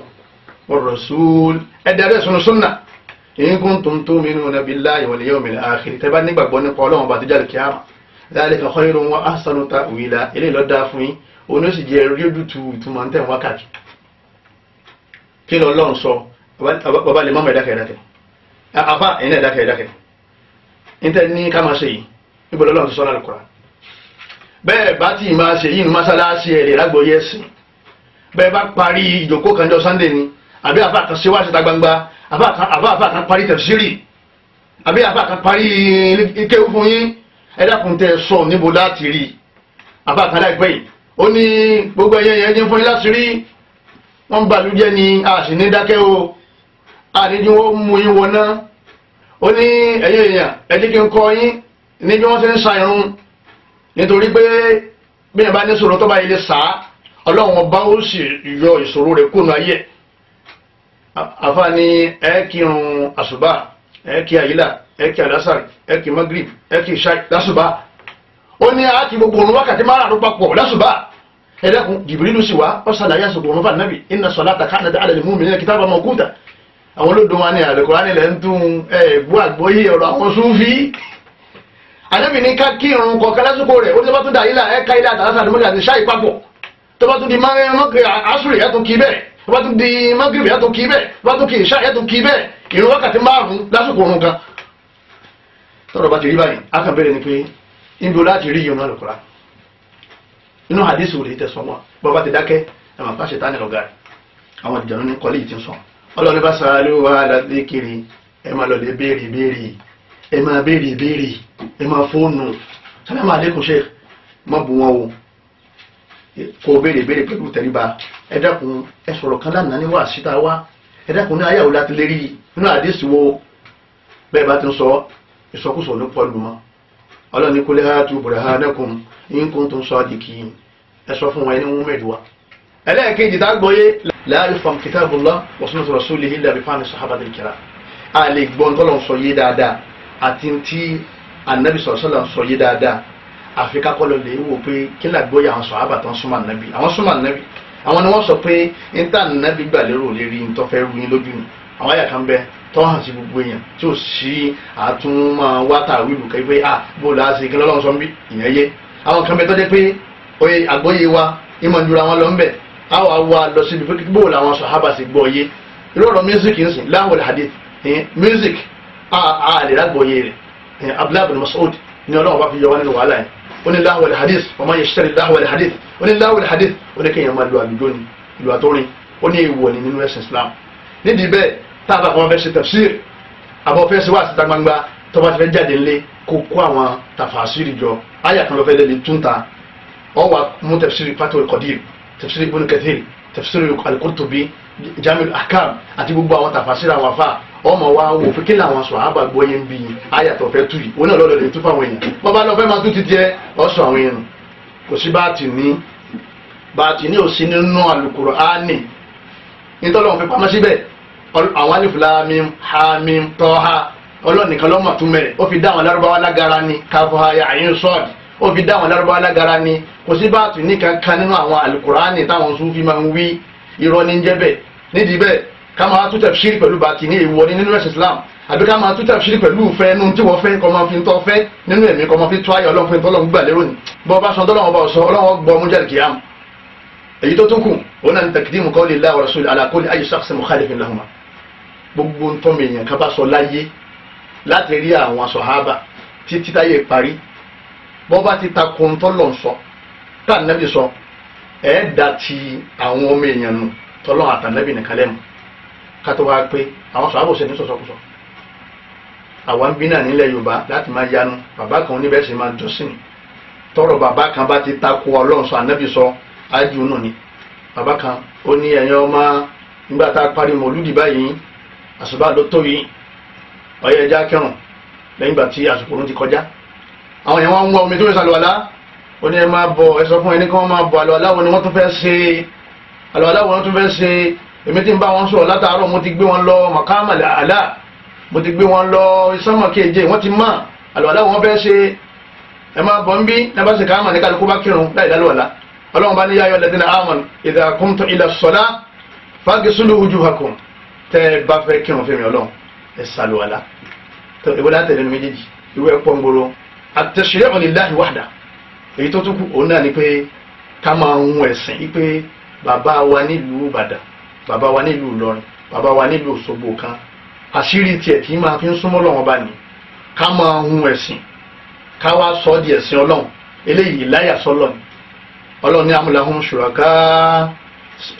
wọ́rọ̀sùn ẹ̀dá alẹ́ sọ́nà sọ́nà in kuntum tu'minuna billahi wal yawmil akhir tẹ́ bá nígbàgbọ́ nípa ọlọ́run bá ti jáde kíá dhalika khayrun wa ahsanu ta'wila eléyìí ló dáa fún yín òun ó sì jẹ́ rí ojútu ìtumọ̀ ntẹ̀ wákàtí kí ni sọ bàbá lè mọ́mọ́ ẹ̀dákẹ́ bẹ́ẹ̀ bá tí ì máa ṣe yìí ní mọ́sálásí ẹ̀rẹ̀ lágbóyè ẹ̀sìn bẹ́ẹ̀ bá parí ìjókòó kanjọ́ sunday ni àbí àbá kan ṣe wá síta gbangba àbá àbá kan parí tẹ̀síìrì àbí àbá kan parí kéwú fún yín ẹ dákun tẹ sọ níbo láti rí àbá kan láìpẹ́ yìí ó ní gbogbo ẹyẹ yẹn ní fún yín láti rí wọ́n bá lu jẹ́ ni a sì ní dákẹ́ o a ní kí wọ́n mú yín wọná ó ní ẹ̀yin èèyàn ẹ jẹ́ kí n kọ́ yín ní bí wọ́n ti ń sa irun nítorí pé bí ẹ bá ní sọ̀rọ̀ tó bá yẹlẹ sàá ọlọ́run ọba ó sì yọ ìṣòro rẹ̀ kúnú ayé àfààní ẹ kírun àṣùbà ẹ kí àyílà ẹ kí àdásàrì ẹ kí magrib ẹ kí ìṣá lásùbà ó ní á gbogbo òun wákàtí márùn-ún papọ̀ lásùbà ẹ jìbìrìlù sì wá ó ṣàlàyé àṣùbò òun fà nàbì inna salata kanat ala al-mu'minina kitaban mawquta àwọn olódùn wa ní àlùkò ránilẹ̀ ń tún ẹ̀ bú ọ̀rọ̀ àwọn súnfì ànábì ní ká kí irun kọ̀ọ̀kan lásìkò rẹ̀ ó ti bá tún dà ilà ẹ̀ka ilà àtàlásà àdúmọ̀lẹ̀ àti ṣáì papọ̀ tó bá tún di mọ́kìrì àṣùrì ẹ̀ tún kí bẹ́ẹ̀ tó bá tún di mọ́kìrì ẹ̀ tún kí bẹ́ẹ̀ tó bá tún kí ìṣá ẹ̀ tún kí bẹ́ẹ̀ irun wákàtí márùn-ún lásìkò òun kan. tọ́rọ̀ bá ti rí báyìí akàn bẹ̀rẹ̀ ni pé níbo láti rí yìí náà lọ́kùnrin inú hadith rẹ̀ tẹ̀ sọ́mọ́ bàbá ti dákẹ́ ẹ̀ máa pàṣẹ tánì lọ́gà rẹ̀ àwọn ìjọ̀nù ní kọ́lé yìí ti ń sọ ọlọ́ni bá sàálù wà ládìkiri ẹ̀ ẹ máa béèrè ìbéèrè ẹ máa fóònù sálámà alẹ́kùn ṣe má bu wọn o kó o béèrè béèrè pẹ̀lú tẹríba ẹ dákun ẹ sọ̀rọ̀ kan lánàá ní wàá síta wá ẹ dákun ní ayáwó láti lérí nínú àdéhùn wo bẹ́ẹ̀ bá ti ń sọ ìsọkúsọ ló pọ̀ lù ọlọ́run ní kólé hàtú burhanakum in kuntum sadiqin ẹ sọ fún wọn ẹni wọn mẹ́rin wa ẹlẹ́ẹ̀kejì tá a gbọ́yé láàrin fam kitabullah wa sunnati rasulihi illa bi fahmi sahabatil kiram a lè gbọ́ ntọ́lọ́ sọ yé dáadáa àti tí anabi sọ̀rọ̀ sọ̀rọ̀ sọ yé dáadáa àfi kakọ́ lọ lè wò pé kí ni àgbọ̀ yà àwọn sọ̀ àbàtà wọn súnmọ́ anabi àwọn súnmọ́ anabi àwọn ni wọ́n sọ pé n ta anabi gbà lérò lè rí n lójú ni àwọn àyà kan bẹ tọ́ hàn sí gbogbo èèyàn tí ò sí àtúnmọ̀ wátà wíwù kẹ́ pé à ah, bó la ṣe kí lọ́lọ́run sọ ń ìyẹn yé àwọn kan bẹ tọ́jú pé oye àgbọ̀yé wa ìmọ̀ ìdúrà wọn lọ ń bẹ̀ àwọn awa lọ síbi pé bó làwọn sọ̀hábà sì gbọ́ yé irú ọ̀rọ̀ music ń sìn láwọn hadith music a lè lágbóyè rẹ̀ abdullahi bin masoud ni ọlọ́run bá fi yọ wá nínú wàhálà yẹn ó ní láhùn alhadis ọmọ yẹn ṣiṣẹ́ ní láhùn alhadis ó ní láhùn alhadis ó ní kéèyàn máa lu àlùjọ ni ìlú àtọ́rin ó ní èèwọ̀ ni nínú ẹ̀sìn islam nídìí bẹ́ẹ̀ tá a bá wọn fẹ́ ṣe tafsir àbọ̀ fẹ́ ṣe wá síta gbangba tó ti fẹ́ jáde ńlé kó kó àwọn tafasiri jọ àyà kan ló fẹ́ lẹ́bi túnta ọ wà mú tafsiri pátó kọ̀dí tafsiri ibn kathir tafsiri al jamiu akam àti gbogbo àwọn tàfàṣírà àwọn afa ọmọ wa wò fún kí làwọn sọ àbá gbóyè ń bí i ayàtọ̀ fẹ́ tu yìí òun náà lọ́dọ̀ lè tú fáwọn èèyàn bọ́bá lọ fẹ́ máa tún ti tiẹ̀ ọ̀sọ̀ àwọn èèyàn kò sí bá a ti ní bá a ti ní òsì nínú àlùkùrọ̀ á nì nítorí wọn fi pamọ́ síbẹ̀ àwọn alifula mi ha mi tọ́ ha ọlọ́ọ̀nì kan lọ́mọ̀ tún mẹ́rẹ̀ ó fi dá àwọn alárúbáwá lágara ni káfọ́ àyìn sọ́ọ̀dì ó fi dá àwọn alárúbáwá lágara ni kò sí bá a ti ní kankan nínú àwọn àlùkùrọ̀ á nì táwọn sùn fi máa ń wí irọ́ ní jẹ́ bẹ́ẹ̀ nídìí bẹ́ẹ̀ ká máa tún tẹ̀fṣírí pẹ̀lú bàtì ní èèwọ̀ ní nínú ẹ̀sìn Islam àbí ká máa tún tẹ̀fṣírí pẹ̀lú ìfẹ́ inú tí wọ́n fẹ́ kọ́ máa fi ń tọ́ fẹ́ nínú ẹ̀mí kọ́ máa fi tó ayé ọlọ́run fi ń tọ́lọ́run gbà lérò ní bọ́ bá sọ tọ́lọ́run bá sọ ọlọ́run gbọ́ mú jẹ́rìí kìyàmù èyí tó tún kù òun náà ní takdimu qawli Allah wa rasul ala kulli ayyi shakhsin mukhalifin lahuma gbogbo ntọ́mi èèyàn ká bá sọ láyé láti rí àwọn sọ̀hábà títí táyé parí bọ́ bá ti takùn tọ́lọ́run sọ táà nẹ́bí sọ ẹ da ti àwọn ọmọ èèyàn nù tọ́lọ́ àtànẹ́bì nìkan lẹ́nu kátó wá pé àwọn sọ̀rọ̀ àbòsẹ̀ ní sọ̀sọ̀kùsọ̀ àwa ń bí náà nílẹ̀ Yorùbá láti máa yanu bàbá kan oníbẹ̀ sì máa jọ́sìn tọrọ bàbá kan bá ti takò Ọlọ́run sọ ànábì sọ ájú nù ni bàbá kan ó ní ẹ̀yin ọmọ nígbà tá a parí mọ̀lúdì báyìí àṣùbà ló tó yìí ọyẹ ẹja kẹrùn lẹ́yìn ìgbà tí àsùkò ti kọjá àwọn yẹn wọ́n ń wọ omi tó ń sàlùwàlá ó ní ẹ máa bọ̀ ẹ sọ fún ẹni kí wọ́n máa bọ̀ àlọ́ aláwọ̀ ni wọ́n tún fẹ́ ṣe àlọ́ aláwọ̀ ni wọ́n tún fẹ́ ṣe èmi tí ń bá wọn sọ̀rọ̀ látàárọ̀ mo ti gbé wọn lọ màkàmà àlá mo ti gbé wọn lọ sánmà keje wọ́n ti mọ̀ àlọ́ aláwọ̀ wọ́n fẹ́ ṣe ẹ máa bọ̀ ń bí ẹ bá ṣe kàmà ní kálukú bá kírun láì dálọ́ ọ̀la ọlọ́run bá ní yáyọ lẹ́dínà amọ̀n ìdá kúntù ilẹ̀ sọ́lá fagisulu wujuhakum tẹ́ ẹ bá fẹ́ kírun fún mi ọlọ́run ẹ sàlùwàlà ìwé látẹ̀lẹ́nu méjèèjì ìwé ẹ̀pọ̀ ń gbòòrò àtẹ̀sílẹ̀ ọ̀nìláhi wàdà èyí tó tún kù òun náà ni pé ká máa hun ẹ̀sìn wípé bàbá wa nílùú Ìbàdàn bàbá wa nílùú Ìlọrin bàbá wa nílùú Òṣogbo kan àṣírí tiẹ̀ tí máa fi ń súnmọ́ lọ́wọ́n bá ní ká máa hun ẹ̀sìn ká wá sọ ọ́ di ẹ̀sìn ọlọ́run eléyìí láyà sọ́lọ̀ ni ọlọ́run ní amúláhùn ṣùràká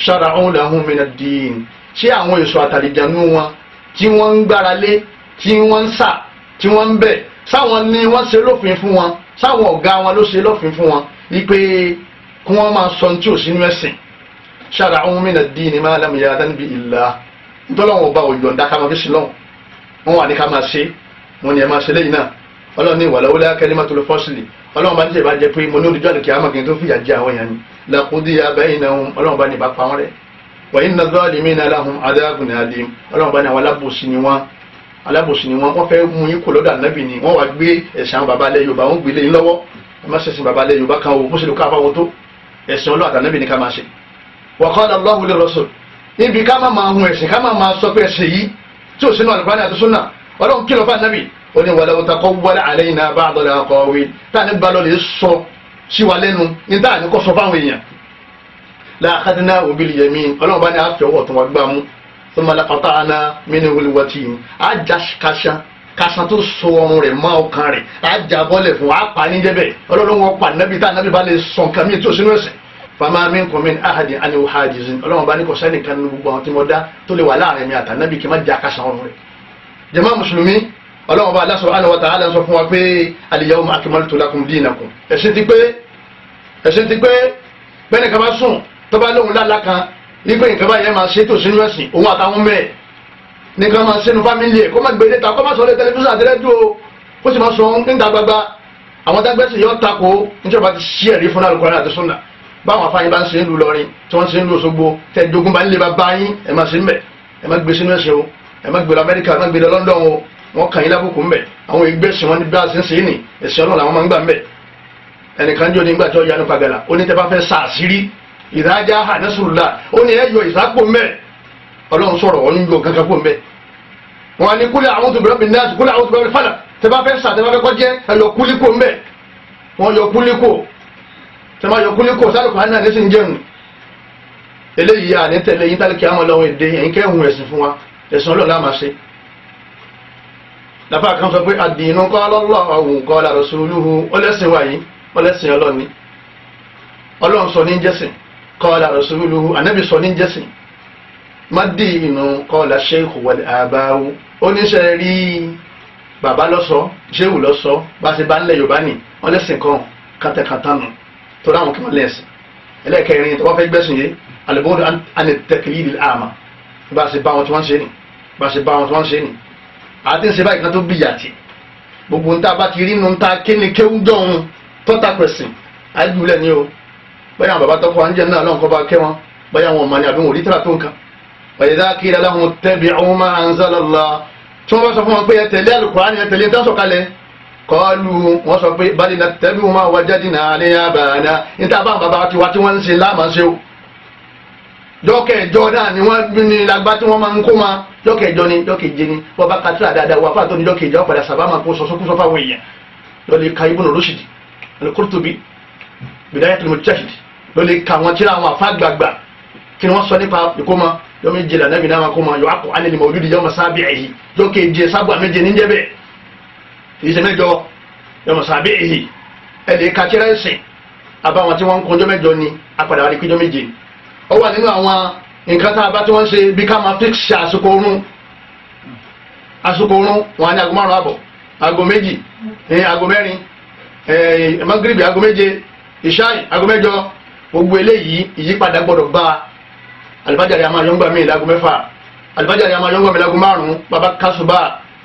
ṣàràhùn làhùn mìíràn dìín ṣé àwọn èso àtàlìjànú wọn tí wọ́n ń gbára lé tí wọ́n ń sà tí wọ́n ń bẹ̀ sáwọn ni wọ́n ṣe lófin fún wọn sáwọn ọ̀gá wọn ló ṣe lọ́fin fún wọn wípé kí wọ́n máa sọ tí ò sí inú ẹ̀sìn ṣáàrà àwọn mìíràn dín ní máa lámì yára dánibí ìlà ntọ́lọ́wọ́n ọba òyọ̀ǹda ká máa fi sílọ̀ wọn wà ní ká máa ṣe wọn ni ẹ máa ṣe lẹ́yìn náà ọlọ́run ní ìwàlá wọlé akẹ́lẹ́ máa tó lọ fọ́sílì ọlọ́run bá jẹ pé mo ní olùjọ́ àdìkẹ́ àmọ́ kìí tó fìyà jẹ àwọn èèyàn ni làkúndí abẹ́yìn náà ọlọ́run bá ní ìbá wọn rẹ̀ wọ́n yìí nàzọ́ àdìmí náà láhùn adágún ní adìm ọlọ́run bá ní àwọn alábòsí ni wọ́n alábòsí ni wọn wọn fẹ́ mú yín kó lọ́dọ̀ ànábì ni wọn wá gbé ẹ̀sìn àwọn baba alẹ́ yorùbá wọn gbélé yín lọ́wọ́ ẹ má ṣẹ̀sìn baba alẹ́ yorùbá kan o bó ṣe lè kó àbáwọn tó ẹ̀sìn ọlọ́ àtànábì ni ká máa ṣe. wàkọ́lá Allahu lè rọ́ṣọ̀ níbi ká má máa hun ẹ̀sìn ká má máa sọ pé ẹ̀sìn yìí tí ò sínú àlùfáàní àti súnà ọlọ́run kìlọ̀ fún ànábì ó ní wàlẹ́ òtà kọ́ wọlé àlẹ́ yìí náà bá àdọ́lẹ̀ akọ̀wé tá ní tá à ní kọ́ thumma laqata'na minhu al-watin ajá kàṣà kàṣà tó so ọrùn rẹ̀ mọ́ ọkàn rẹ̀ ajá bọ́lẹ̀ fún wa pa ní jẹ́bẹ̀ ọlọ́run wọn pa nábì tá nábì bá lè sọ̀n kàmí tó sínú ẹ̀sìn fama minkum min ahadin anhu hajizin ọlọ́run bá ní kò sẹ́ni kan gbogbo àwọn tí mo dá tó lè wà láàrin mi àtà nábì kì má já kàṣà ọrùn rẹ̀ jàmá mùsùlùmí ọlọ́run bá aláṣọ àlọ́ wọ́tà àlọ́ fún wa pé al nígbà yìí kaba yẹn máa ṣe tó sínú ẹ̀sìn òun àtàwọn mẹ́ẹ̀ nìkan máa ṣe nu fámìlì ẹ̀ kó má gbèdé ta kó má sọ lé tẹlifíṣàn àti rédíò kó sì má sọ níta gbagba àwọn dágbẹ́sì yọ tako níjọba ti ṣí ẹ̀rí fún alukọ́rẹ́ àti súnà báwọn afáyín bá ń ṣe ń lu lọrin tí wọ́n ṣe ń lu Òṣogbo tẹ dogun bá ń lè bá bá yín ẹ̀ má ṣe ń bẹ̀ ẹ̀ má gbé sínú ẹ̀sìn o ẹ̀ má gbé lọ Amẹ́ríkà ẹ̀ má gbé lọ London o wọ́n kàn yín lábùkù ńbẹ̀ àwọn ìgbésìn wọn ní bí a ṣe ń ṣe é nì ẹ̀sìn ọlọ́run àwọn máa ń gbà ńbẹ̀ ẹnìkan jò ní gbàtọ́ yanu pagala ó ní tẹ́ bá fẹ́ sàásírí ìdájá àdásùrùlà ó ní ẹyọ ìsápò mẹ Ọlọ́run sọ̀rọ̀ wọn ní yọ kankan pò mẹ wọn ni kúlẹ àwọn tó bẹ̀rẹ̀ bí nẹẹsì kúlẹ àwọn tó bẹ̀rẹ̀ fàlà tẹbà fẹ sà tẹbà fẹ kọjẹ ẹyọ kúlíkò mẹ wọn yọ kúlíkò tẹbà yọ kúlíkò sálùkù hàn náà nísìnyí jẹun eléyìí à tẹlẹ yín tálíkì àwọn Ọlọ́run èdè ẹyin kẹhùn ẹsìn fún wa ẹsìn Ọlọ́run láà máa ṣe lafa kan sọ pé àdìnnú qala Allahu qala rasuluhu ọlẹ́sìn wáyé ọlẹ́sìn Ọlọ́run Ọlọ́run sọ ní jẹ́sìn kọ́ọ̀lá rasuluhu anabi sọ ní jẹ́sìn mádì inú kọ́ọ̀lá sheikh wàlẹ̀ àbáwò oníṣẹ́ rí bàbá lọ́sọ jéhù lọ́sọ bá ti bá ń lẹ̀ yorùbá nì wọ́n lẹ́sìn kan kàtàkàtà nù tó dáhùn kí wọ́n lẹ́sìn ẹlẹ́ẹ̀kẹrin tó wọ́n fẹ́ gbẹ̀sìn yé alùbọ́dọ̀ àni tẹ̀kìlì àmà bá ti bá wọn tí wọ́n ṣe nì bá ti bá wọn tí wọ́n ṣe nì àti ń ṣe báyìí kan tó bìyà tì gbogbo ń ta bá ti rí nu ń ta kíni kéwú dọ̀hún tó pẹ̀sìn àdúlẹ̀ ni o báyà bàbá tó fún àǹjẹ́ náà lọ́nkọ́ bá kẹ́ wọn báyà wọn màní àbí wọn ò rí tíra tó nǹkan. wàyídá kí ilẹ̀ aláhùn tẹ̀bi ọ̀hún máa ń sálọ la tí wọ́n bá sọ fún wọn pé ẹ tẹ̀lé alukur'ani ẹ tẹ̀lé dáṣọ kalẹ̀ kọ́ọ̀lù wọn sọ bali na tẹ̀bi wọn wá jáde náà alẹ́ yà bàánà níta bá bàbá tiwa tí wọ́n ń ṣe láàmásẹ́ o. jọ́kẹ̀jọ́ náà ni wọ́n ní lagbá tí wọ́n máa ń ma jọ́kẹ̀jọ́ ni jọ́kẹ̀jẹ́ ni wọ́n bá katira dáadáa wà fún àtọ́ni jọ́kẹ̀jọ́ padà sábà máa kó sọ́sọ́kúsọ́ fáwọn èèyàn lọ́ọ́ lè ka ibùdó lóṣìdì al-Qurtubi Bidayatul Mujtahid ló lè ka wọn tíra àwọn àfa gbàgbà kí ni wọ́n sọ nípa ìkómọ yọ méje là nàbì náà kó ma yọ akọ alẹ́ ni mo olùdíje ọmọ sábẹ́ èyí yọ kéje sábà méje níjẹ́ bẹ́ẹ̀ ìṣe mẹ́jọ yọmọ sábẹ́ èyí ẹ lè ka tíra ẹ̀sìn àbáwọn tí wọ́n ń kọjọ́ mẹ́jọ ni apàdà wàlẹ̀ kíjọ́ méje ó wà nínú àwọn nǹkan tá a bá tí wọ́n ń ṣe bí ká máa fíksì àsìkò oorun àsìkò oorun wọn ni aago márùn àbọ̀ aago méjì aago mẹ́rin magribi aago méje ìṣáì aago mẹ́jọ gbogbo eléyìí ìyípadà gbọdọ̀ bá alibajari àmà yọ̀ǹgbà mi ìlagun mẹ́fà alibajari àmà yọ̀ǹgbà mi ìlagun márùn-ún baba kásùbà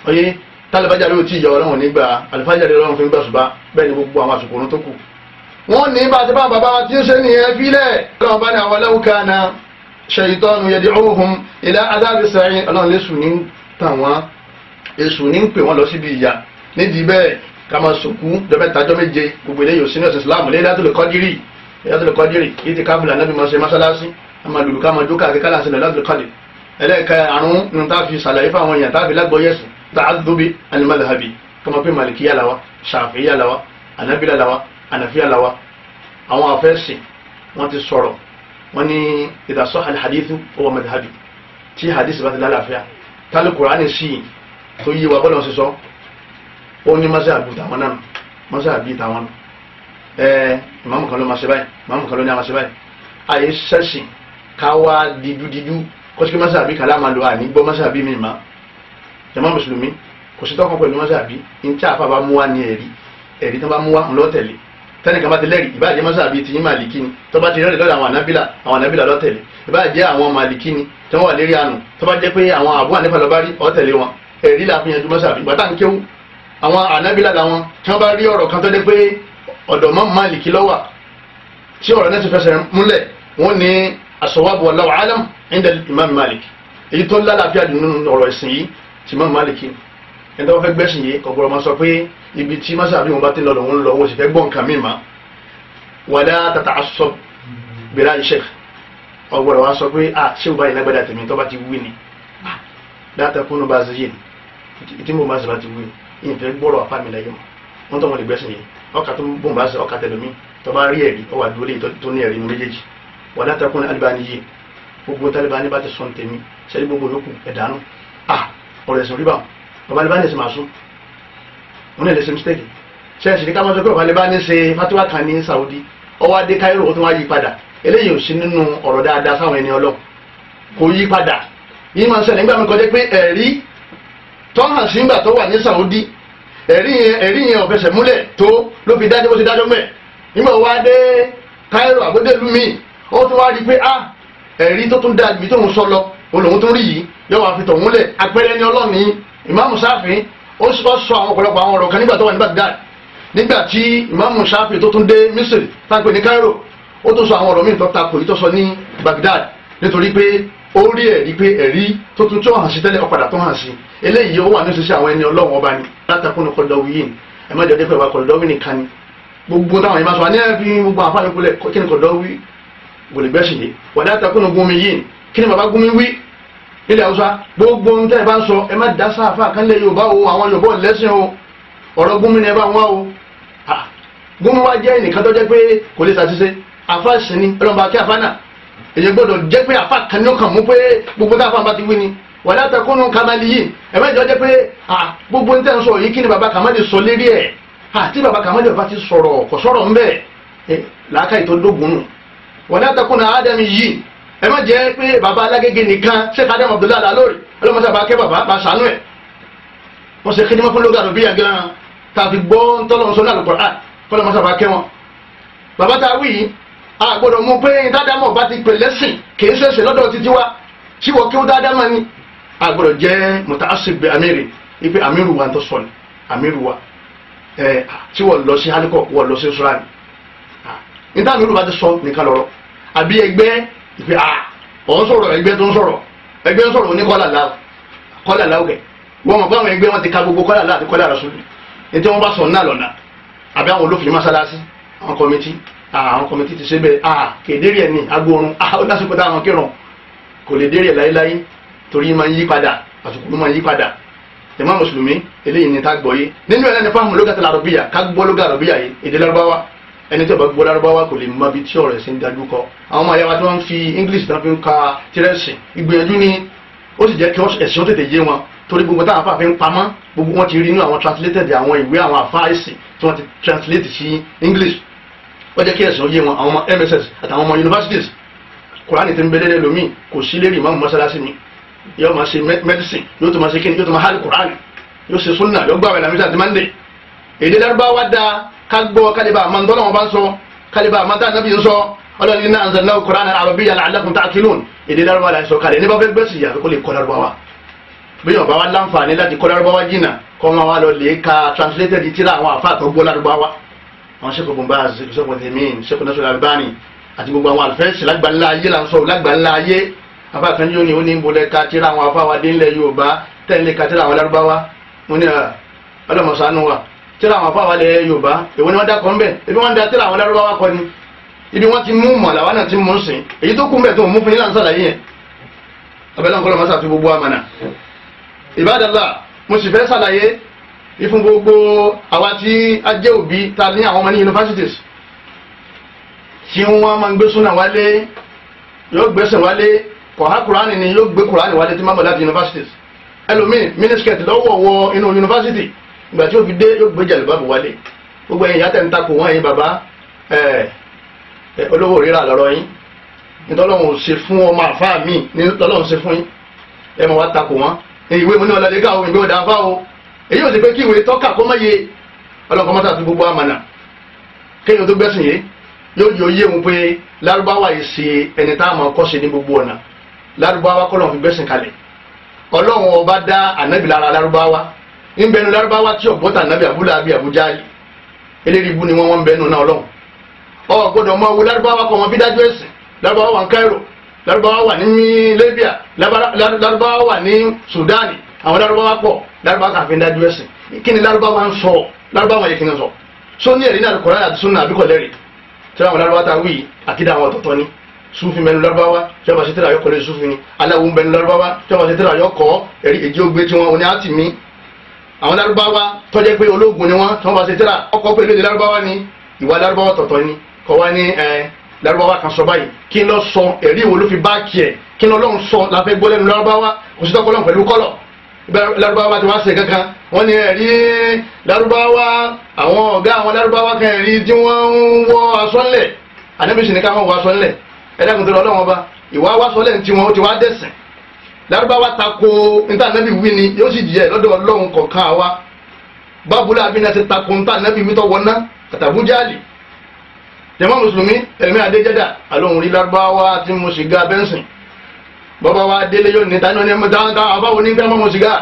ọyẹ talibajari ò tí ìyá ọlọ́run nígbà alifajari ọlọ́run fi ń gbàsùbà bẹ́ẹ̀ ni gbogbo àwọn àsìkò ọ̀run tó kù. wọ́n ní bá a ti bá bàbá tí ó ṣe nìyẹn fílẹ̀ ọlọ́run bá ní àwọn aláwùká na ṣèyítọ́nù yẹ̀dí ọ̀hún ilẹ̀ adáàbí sẹ́yìn ọlọ́run lè sùn ní tàwọn èṣù ní ń pè wọ́n lọ síbi ìyá nídìí bẹ́ẹ̀ ká máa dọ́mẹ́ta dọ́méje gbogbo eléyìí ò Islam lẹ́yìn látòlè kọ́dírì lẹ́yìn kọ́dírì yìí ti kábùlà lẹ́bi mọ̀ ṣe mọ́ṣáláṣí àmọ́ lùlù ká mọ̀ dúkà àti kálá sílẹ̀ lẹ́yìn kọ́dírì ẹlẹ́ẹ̀ka àrùn nínú tá a fi ṣàlàyé fáwọn èèyàn tá a fi lágbóyè sí tá a dóbi alimadhabi kọ́mọ pé malikiya lawa ṣàfihàn lawa anabila lawa anafiya lawa àwọn afẹ́sìn wọ́n ti sọ̀rọ̀ wọ́n ní ìdásọ́ alihadithu owó madhabi tí hadith bá ti lálàáfíà tálí kùránì sí i tó ẹ ìmáàmù kan ló máa ṣe báyìí ìmáàmù kan ló ní a máa ṣe báyìí àyè sẹ́sìn ká wá dídúdídú kọ́síkí mọ́sàbí kàlá máa lo àní gbọ́ mọ́sàbí mi mà jàmá mùsùlùmí kò sí tọ́kàn pẹ̀lú mọ́sàbí ní tí àfa bá mú wa ní ẹ̀rí ẹ̀rí tó bá mú wa ń lọ tẹ̀lé tẹnikan bá ti lẹ́rìí ìbáàjẹ́ mọ́sàbí ti yín màlìkí ni tó bá ti rẹ́rìí lọ́dọ̀ àwọn ànábìlà àwọn ànábìlà lọ́tẹ̀lé ìbáàjẹ́ àwọn màlìkí ni tó wà lérí àánú tó bá jẹ́ pé àwọn àbúrò ànífà lọ́ba rí ọ̀tẹ̀lé wọn ẹ̀rí làfihàn ju mọ́sàbí gbàtà ń kéwú àwọn ànábìlà làwọn tí wọ́n bá rí ọ̀rọ̀ kan tó dé pé ọ̀dọ̀ mọ́ máàlìkì lọ́wà tí ọ̀rọ̀ náà ti fẹsẹ̀ múlẹ̀ wọ́n ní asọ̀wábù wallahu alam ẹ̀ńdẹ̀ imam malik èyí tó lálàáfíà nínú ọ̀rọ̀ ẹ̀sìn yìí ti imam malik ẹ̀ńdẹ̀ wọ́n fẹ́ gbẹ́sìn yìí ọ̀gbọ̀rọ̀ máa sọ pé ibi tí masabi wọn bá ti lọ́dọ̀ wọn lọ wọn sì fẹ́ gbọ́ nǹkan mímà wàlá tata asọ bìrà sheikh ọ̀gbọ̀rọ̀ wa sọ pé ah ṣé o bá yìí lágbádá tèmi tó ti wí ni dáta kúnnú bá ṣe ni tí bá ṣe ni ìfẹ́ gbọ́rọ̀ àfàmìlẹ́yìn mọ́ wọ́n tọ́ wọn lè gbẹ́sìn yìí ọkà tó bùn bá sọ ọkà tẹlomi tó bá rí ẹ̀rí ọwà dúró léyìí tó ní ẹ̀rí méjèèjì wà látàkùn alibani yìí gbogbo talibani bá ti sọ tèmi sẹ́ni gbogbo yòókù ẹ̀dánù à ah, ọ̀rọ̀ ẹ̀sìn rí bá wọn alibani ẹ̀sìn máa sún wọn lè ṣe mistake sẹ́ẹ̀sì ní máa sọ pé ọ̀bá alibani ṣe fatiwa kan ní Saudi ọwọ́ adé Cairo ó tún wá yí padà eléyìí ò sí nínú ọ̀rọ̀ dáadáa sáwọn ẹni ọlọ́ kò yí padà yìí máa ń ṣẹlẹ̀ nígbà mi kọjá pé ẹ̀rí tọ́hàn sí ńgbà tó wà ní Saudi ẹ̀rí yẹn ẹ̀rí yẹn ọ̀fẹsẹ̀ múlẹ̀ tó ló fi dájọ́ bó ti dájọ́ mẹ́ nígbà wá dé Cairo àgbẹ̀dẹ̀lú mi ó tún wá rí i pé ah ẹ̀rí tó tún dá ibi tóun sọ lọ olóhun tó rí yìí yóò wá fi tọ̀hún lẹ̀ apẹ́rẹ́ ní ọlọ́ọ̀ni ìmáàmù Ṣáfì ó sọ àwọn ọ̀pọ̀lọpọ̀ àwọn ọ̀rọ̀ kan nígbà tó wà ní Baghdad nígbà tí ìmáàmù Ṣáfì tó tún dé Misri táǹpẹ̀ ní Cairo ó tún sọ àwọn ọ̀rọ̀ míì tó takò yìí tó sọ ní Baghdad nítorí pé ó rí ẹ̀rí pé ẹ̀rí tó tún tó hàn sí tẹ́lẹ̀ ọ̀padà tó hàn sí eléyìí ó wà ní ṣiṣẹ́ àwọn ẹni ọlọ́run ọba ni látàkùn kọlọ́wì yìí ẹ má jọ dẹ́pẹ́ wa kọlọ́wì nìkan ni gbogbo táwọn yìí máa sọ àní ẹ̀fí gbogbo àfáàní kulẹ̀ kí ni kọlọ́wì gbòlẹ́gbẹ́sì yìí wà látàkùn gúnmi yìí kí ni bàbá gúnmi wí nílẹ̀ haúsá gbogbo ń tẹ́ bá ń sọ ni ẹ bá ń wá o gúnmi wá èyí gbọ́dọ̀ jẹ́ pé àfa kan ní ọkàn mú pé gbogbo táwọn àfa ti wí ni wàlẹ́ àtẹkùnú kamali yìí ẹ̀mẹ́jọ jẹ́ pé gbogbo ń tẹ́ ń sọ yìí kí ni baba kamali sọ lérí ẹ̀ àti baba kamali baba ti sọ̀rọ̀ kò sọ̀rọ̀ ń bẹ̀ làákà ìtọ́dógún nù wàlẹ́ àtẹkùnú adam yìí ẹ̀mẹ́jẹ pé baba alágége nìkan sheikh adam abdullahi alalori ọlọ́mọdé bá kẹ́ baba bá sànú ẹ̀ wọ́n ṣe kí ni wọ́n fún lóga àdùbíyà gan-an tàbí gbọ́ ń tọ́lọ́ a gbọ́dọ̀ mú pé dáadáamọ̀ bá ti pèlè sìn kì í ṣèṣe lọ́dọ̀ títí wa tí wọ́n kí ó dáadáamọ̀ ni a gbọ́dọ̀ jẹ́ mùtàásìbẹ̀ amírì ipe amírù wa tó sọ ni amírù wa ẹ tí wọ́n lọ sí alikọ̀ wọ́n lọ sí israel níta amírù wa ti sọ nìkan lọ́rọ̀ àbí ẹgbẹ́ ipe a ọ̀n sọ̀rọ̀ ẹgbẹ́ tó ń sọ̀rọ̀ ẹgbẹ́ ń sọ̀rọ̀ oníkọ́là láwù kọ́là láwù kẹ̀ wọ́n mọ̀ pé àwọn ẹgbẹ́ wọn ti ka gbogbo kọ́là láwù àti kọ́là rẹ̀ sódì ètò wọn bá sọ náà lọ́nà àbí àwọn olófin mọ́sálásí àwọn kọ́mítì Ah, àwọn kọmitì ti ṣe bẹ́ẹ̀ a ah, kèdèrè ẹ̀ ní agbórun a ah, ó lásìkò táwọn kírun kò lè dèrè láéláé torí máa ń yí padà àsìkò ló máa ń yí padà jàmá mùsùlùmí eléyìí ní tá gbọ́ yé nínú ẹ̀ ní fáwọn lóga tẹ̀lé àrọ̀bíyà ká gbọ́ lóga àrọ̀bíyà yìí èdè lárúbáwá ẹni tí ó bá gbọ́ lárúbáwá kò lè mọ bí tí ọ̀rọ̀ ẹ̀sìn dájú kọ àwọn ọmọ ayáwa tí wọ́n ń fi english náà fi ń ka tírẹ̀sì ìgbìyànjú ni ó sì jẹ́ kí ẹ̀sìn ó tètè yé wọn torí gbogbo táwọn afáàfin ń pamọ́ gbogbo wọn ti rí inú àwọn translated àwọn ìwé àwọn afáàìsì tí wọ́n ti translate sí english wọ́n jẹ́ kí ẹ̀sìn oyé wọn àwọn ọmọ mss àtàwọn ọmọ universities kùránì ti ń belé lómi kò sí lérí ìmáàmù mọ́sálásí mi yóò máa ṣe medicine yóò tó máa ṣe kíni yóò tó máa hàlì kùránì yóò ṣe sunna yóò gbàwé lamisa àti mande èdè lárúbáwá da ká gbọ́ kálíbà àmàndọ́nà wọn bá ń sọ kálíbà àmàndá nàbí ń sọ ọlọ́run iná àǹzẹ̀ náà kùránì àròbíyà làálàkùn tá a kí lóun èdè lárúbáwá la ń sọ kálẹ̀ nípa fẹ́ ka translated tíra àwọn àfa àtọ́gbó àwọn sẹ́kù bùnbà sẹ́kù tèmín sẹ́kù nẹ́sọ̀rọ̀ alibani, àti gbogbo àwọn àlùfẹ́sì lágbàlá ayé là ń sọ lágbàlá ayé afa kan yóò ní ó ní ń bolẹ̀ ká tíra àwọn afáwa dé ńlẹ̀ yorùbá tẹ̀lé ká tíra àwọn lárúbáwá mo ní ọlọ́mọ̀sánú wa tíra àwọn afáwa lẹ̀ yorùbá èwo ni wọ́n dá kọ́ ńbẹ̀ ebi wọ́n da tíra àwọn lárúbáwá kọ́ ni ibi wọ́n ti mú mọ̀ làwọn náà ti ìfún gbogbo àwa tí a jẹ́ òbí ta ní àwọn ọmọ ní universities tí wọ́n máa ń gbé súnà wálé yóò gbẹ́sẹ̀ wálé kọ̀ọ̀há kùránì ni yóò gbé kùránì wálé tí máa bọ̀ láti universities ẹlòmíì mínísítẹ̀tì lọ́wọ́ wọ inú yunifásitì ìgbà tí ó fi dé yóò gbé jàlùbáàbù wálé gbogbo ẹ̀yin yàtẹ̀ ń takò wọ́n ẹ̀yin bàbá olówó rírà lọ́rọ́ yín nítọ́lọ́hún ṣe fún ọmọ àfáà mi nítọ́lọ́hún ṣe fún yín ẹ̀ mọ̀ wá takò wọ́n ìwé mu ní ọ̀làdégà o ìwé o èyí ò sì pé kí ìwé tọ́ka kó mọ́ye ọlọ́kọ́ mọ́tà sí gbogbo àmàna kéèyàn tó gbẹ́sìn yìí yóò yọ yé wọn pé lárúbáwá yìí ṣe ẹni tá a máa kọ́ ṣe ní gbogbo ọ̀nà lárúbáwá kọ́ lọ́n fi gbẹ́sìn kalẹ̀ ọlọ́run ọba dá ànábì lára lárúbáwá ń bẹnu lárúbáwá tí ọ̀gbọ́ta ànábì àbúlá àbí àbújá eléyìí ibú ni wọ́n wọ́n ń bẹnu náà ọlọ́run ọ gbọ́dọ̀ mọ owó lárúbáwá kọ́ wọn fi dájú ẹ̀sìn lárúbáwá wà ní Cairo lárúbáwá wà ní Libya lárúbáwá wà ní Sudan àwọn lárúbáwá pọ̀ lárúbáwá kan fi ń dájú ẹ̀sìn kí ni lárúbáwá ń sọ lárúbáwá yẹ kí ni sọ so ní ẹ̀rí náà kọ́ra àti sunna àbíkọ̀ lẹ́rì tẹ́lẹ̀ àwọn lárúbáwá ta wí àkídà àwọn ọ̀tọ̀ọ̀tọ̀ ni sufi mẹnu lárúbáwá tí wọn bá ṣe tẹ́lẹ̀ àyọkọ̀ lé sufi ni aláwo mẹnu lárúbáwá tí wọn bá ṣe tẹ́lẹ̀ àyọkọ̀ ẹ̀rí èjì ó tí wọn ní àti mi àwọn lárúbáwá tọ́jẹ́ pé ológun ni wọn tí wọn bá ṣe tẹ́lẹ̀ pé lóde lárúbáwá ni ìwà lárúbáwá tọ̀tọ̀ ni kọ́ wá ní ẹ lárúbáwá kan sọ báyìí kí n lọ sọ ẹ̀rí wo báàkì ẹ̀ kí n lọ́ọ́ sọ la fẹ́ gbọ́ lẹ́nu lárúbáwá kò sí tọ́kọ́ lọ́n pẹ̀lú kọ́lọ̀ lárúbáwá ti wá ṣe kankan wọ́n ní ẹ̀rí lárúbáwá àwọn ọ̀gá àwọn lárúbáwá kan ẹ̀rí tí wọ́n ń wọ aṣọ ńlẹ̀ ànábìsì ní ká wọ́n wọ aṣọ ńlẹ̀ ẹ̀dàkùn tó lọ ọlọ́wọ́n bá ìwà wàṣọ lẹ́yìn tí wọ́n ti wá dẹ̀sìn lárúbáwá tako níta ànábì wí ni yóò sì jẹ́ lọ́dọ̀ ọlọ́run kọ̀ọ̀kan àwa bábúlé abiná ti tako níta ànábì wí tọ́wọ́ ná àtàbújáàlì jẹ́mọ́ mùsùlùmí ẹ̀mí adéjẹ́dà àlóhùn rí lárúbáwá tí mo sì ga bàbá wa délé yóò ní tani ọ̀nà táwọn táwọn àbáwo ní gbẹ́mọ̀ mu sìgá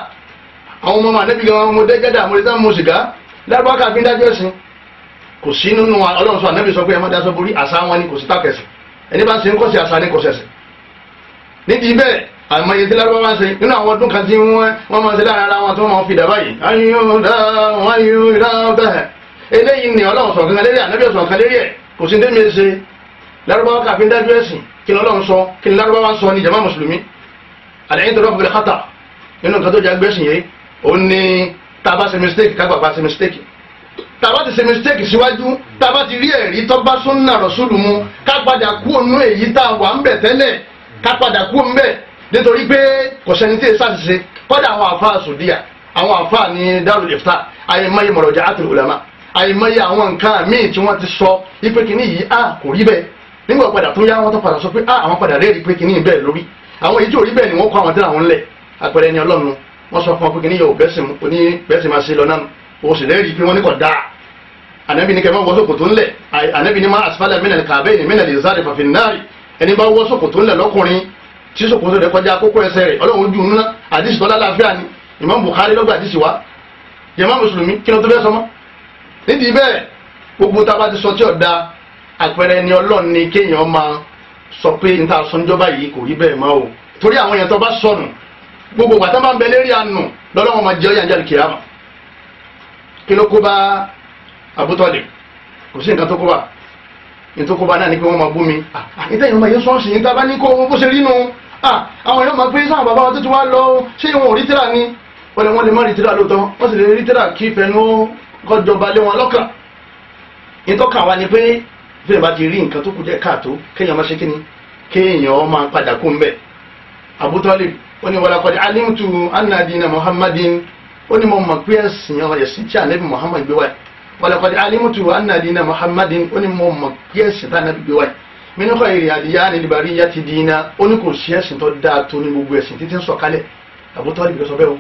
àwọn ọmọ àdébí gan ọmọ dẹ́gẹ́dẹ́ àmọ́lẹ́sẹ̀ mu sìgá lárúbá kàbí dájú ẹ̀sìn kò sí nínú ọlọ́run sọ ànábì sọ pé ẹ má daṣọ borí àṣà wọn ni kò sí tàkẹ́sì ẹni bá ń ṣe ń kọ́sí àṣà ni kò sẹ̀sì níbi bẹ́ẹ̀ àmọ́ iye tí lárúbá máa ń ṣe nínú àwọn ọdún kan tí wọ́n máa ń ṣe lára wọn tó máa ń fi dà báyìí ayúdá ayúdá kí lọ́lọ́run sọ kí ni lárúbáwá sọ ni jama mùsùlùmí àlẹ́yìn tó lọ́ọ́ fún mi kátà nínú nǹkan tó jẹ́ agbésìn yìí òun ni tá a mistake ká ba se mistake taba a bá ti ṣe mistake síwájú tá a bá ti rí ẹ̀rí tó bá súnà rọ̀ṣúlù mu ká padà kú ònú èyí tá a wà ń bẹ̀ tẹ́lẹ̀ ká padà kú òun bẹ̀ nítorí pé kò sẹ́ni tí èsà ṣiṣe kọ́dà àwọn àfáà sòdíà àwọn àfáà ní darul ifta àyèmáyé mọ̀rọ̀jà àtìlùlámà àyèmáyé àwọn nǹkan míì tí wọ́n ti sọ ipe kìíní yìí a kò rí bẹ́ẹ̀ nígbà padà tó yá wọn tó padà sọ pé ah àwọn padà rẹ́ẹ̀rí pé kìíní bẹ́ẹ̀ lórí àwọn èyí tí ò rí bẹ́ẹ̀ ni wọ́n kọ́ àwọn tíra wọn lẹ̀ àpẹẹrẹ ni ọlọ́run wọ́n sọ fún ọ pé kìíní yóò bẹ́sẹ̀ máa ṣe lọ náà o sì rẹ́ẹ̀rí pé wọ́n ní kò dáa ànábì ní kẹ́ máa wọ́sọ̀ kò tó ń lẹ̀ ànábì ní máa asfalẹ̀ mẹ́nà kàbẹ́ ní mẹ́nà lè sáré fàfin náà ẹni bá wọ́sọ̀ kò tó ń lẹ̀ lọ́kùnrin tí sòkòtò rẹ̀ kọjá kókó ẹsẹ̀ rẹ̀ ọlọ́run ju nínú àdìsí tọ́lá láàfíà ni Imam Bukhari lọ́gbà àdìsí wa jẹ̀má mùsùlùmí kí ló tó fẹ́ sọmọ́ nídìí bẹ́ẹ̀ gbogbo tá a bá ti sọ tí ọ̀ dáa àpẹẹrẹ ni ọlọ́run ni kéèyàn máa sọ pé n ta sọ níjọba yìí kò rí bẹ́ẹ̀ mọ́ o torí àwọn èèyàn tó bá sọnù gbogbo ìgbà tó bá ń bẹ lérí àánú lọ́dọ̀ wọn máa jẹ́ ọ̀yà ìjà kìámà kí ló kó bá àbútọ́lẹ̀ kò sí nǹkan tó kó bá ní tó kó bá náà ni pé wọ́n máa bú mi àtẹ̀yìn ọmọ yẹn sọ́ọ̀sì yìí tá bá ní kó wọn bó ṣe rí nu àwọn èèyàn máa pé sáà bàbá wọn tó ti wá lọ ṣé wọn ò rí tíra ni wọ́n lè wọ́n lè má rí tíra lóòótọ́ wọ́n sì lè rí tíra kí fẹnu kọjọba lé wọn lọ́kàn ní tó kà wá ni pé bẹ́ẹ̀ bá ti rí nǹkan tó kù jẹ́ káàtó kéèyàn máa ṣe kíni kéèyàn máa padà kó ń bẹ̀. Abu Talib ó alimtu anadina Muhammadin ó mo mọ̀ pé ẹ̀sìn ọ̀rọ̀ ẹ̀sìn tí ànábì Muhammad gbé wáyé walaqad alimtu anadina Muhammadin ó mo mọ̀ pé ẹ̀sìn tí ànábì gbé wáyé min khayri adiyan al-bariyyati dina ó ní kò sí ẹ̀sìn tó dáa tó ní gbogbo ẹ̀sìn títí ń sọ̀kalẹ̀ Abu Talib ló sọ bẹ́ẹ̀ o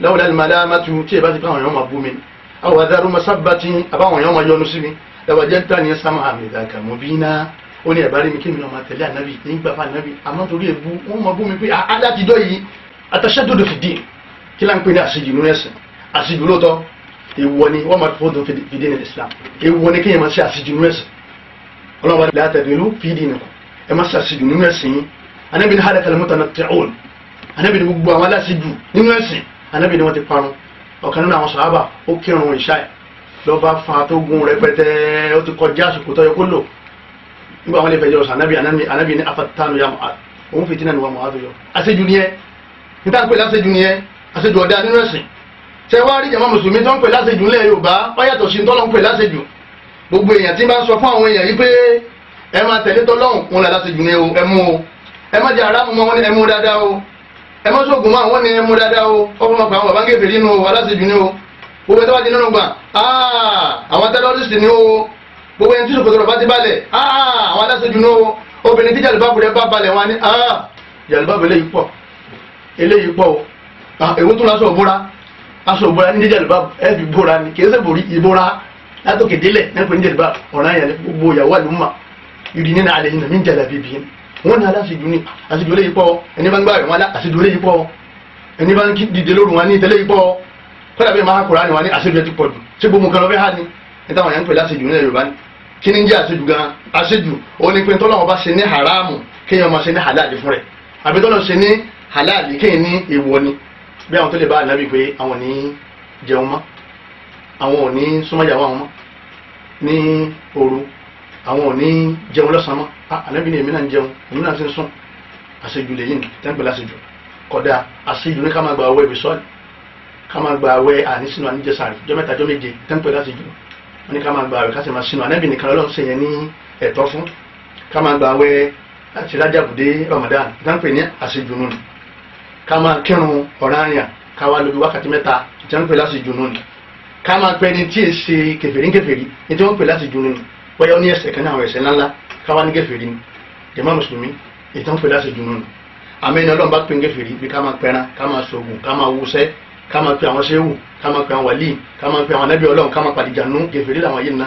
lawla al-malamatu tí ì bá ti bá àwọn èèyàn bú mi àwọn adarú masabati àbáwọn èèyàn máa sí mi lawajadani sama amidaka mubina ó ní ẹ̀bá rí mi kí mi náà máa tẹ̀lé ànábì nígbà fún ànábì àmọ́ torí èbú wọ́n máa bú mi pé adájọ́ yìí àtàṣẹ́dọ̀dọ̀ fìdí kí láń pè ní àṣejù nínú ẹ̀sìn àṣejù lóòótọ́ èèwọ̀ ni wọ́n máa fọ́dọ̀ fìdí ní Islam èèwọ̀ ni kéèyàn máa ṣe àṣejù nínú ẹ̀sìn ọlọ́wọ́ látàdé ló fìdí nìkan ẹ máa ṣe àṣejù nínú ẹ̀sìn yín ànábì ní hàlẹ́ kalamọ́ta náà tẹ̀ ọ́ọ̀lù ànábì ní gbogbo àwọn aláṣejù nínú ẹ̀sìn ànábì ní wọ́n ti parun ọ̀kan nínú àwọn sàhábà ó kírun ìṣáì lọ́ba fa tó gun rẹpẹtẹ ó ti kọjá àsìkò tó yẹ kó lò nígbà wọn lè fẹjọ sọ anabi anabi ní afatanu ya mu'ad òun fi tinanu wa mu'ad yọ aṣejù ni ẹ níta ń pè láṣejù ni ẹ aṣejù ọ̀dà nínú ẹ̀sìn ṣé wàá rí jàmá mùsùlùmí tó ń pè láṣejù ńlẹ̀ yorùbá wọ́n yàtọ̀ sí tọ́lọ́ ń pè láṣejù gbogbo èèyàn tí máa ń sọ fún àwọn èèyàn yìí pé ẹ máa tẹ̀lé tọ́lọ́hùn wọn là láṣejù ni ẹ mú o ẹ má jẹ aráàmù mọ́ wọn ni ẹ mú dáadáa o ẹ má sóògùn mọ́ àwọn ni ẹ mú dáadáa o ọ gbogbo ẹni tó bá ti nínú gbà àwọn terrorist ni o gbogbo ẹni tí sòkòtò rẹ̀ bá ti balẹ̀ àwọn aláṣojú ni o obìnrin tí jàlùbáàbù rẹ̀ bá balẹ̀ wọn ni jàlùbáàbù eléyìí pọ̀ eléyìí pọ̀ o ah, èwo tún lásán òbúra aṣọ òbúra ní jàlùbáàbù ẹ fi bóra ni kì í ṣe bòrí ìbóra látòkè délẹ̀ nípa ní jàlùbáàbù ọ̀ràn yẹn gbogbo ìyàwó àlùmọ̀ ìrì nínú alẹ́ yìí nà mí jàlá bíbí wọn kódà bí màá kóra ni wà ní àṣejù ti pọ̀jù ṣé gbogbo nǹkan lọ fẹ́ hà ní níta wọn yà ń pè láṣejù nílẹ̀ Yorùbá ni kí ni ń jẹ́ àṣejù gan àṣejù òun ni pé tọ́lọ́ wọn bá ṣe ní haramu kéèyàn máa ṣe ní halali fún rẹ̀ àbí tọ́lọ́ ṣe ní halali kéèyàn ní èèwọ̀ ni bí àwọn tó lè bá ànábì pé àwọn ò ní jẹun mọ́ àwọn ò ní súnmọ́yàwó àwọn mọ́ ní òru àwọn ò ní jẹun lọ́sàn-án mọ́ ànábì ni èmi náà ń jẹun èmi náà ká máa gba àwẹ̀ àní sínú àníjẹsàrì jọ mẹ́ta jọ méje tẹ́ńpẹ́ láti jù wọ́n ní ká máa gba àwẹ̀ ká sì máa sínú ànábì nìkan ọlọ́run ṣe yẹn ní fún ká máa gba àwẹ̀ àti rájàbùdé Ramadan tẹ́ńpẹ́ ní àṣejùnú ni ká máa kírun ọ̀ranyàn ká wá lóbi wákàtí mẹ́ta tẹ́ńpẹ́ láti jùnú ni ká máa pẹ́ ni tí èsì kẹfẹ́rí kẹfẹ́rí ni tí wọ́n pè láti jùnú ni bóyá ó ní ẹsẹ̀ kan náà àwọn ẹsẹ̀ ńláńlá ká wá ní kẹfẹ́rí ni jàmá mùsùlùmí ìtàn pè láti jùnú ni àmì ẹni ọlọ́run bá pè ń kẹfẹ́rí bí ká máa pẹran ká máa pe àwọn ṣéwù ká máa pe àwọn wàlíì ká máa pe àwọn anábì ọlọ́run ká máa pàdìjànú gèfèrè làwọn yìí ń ná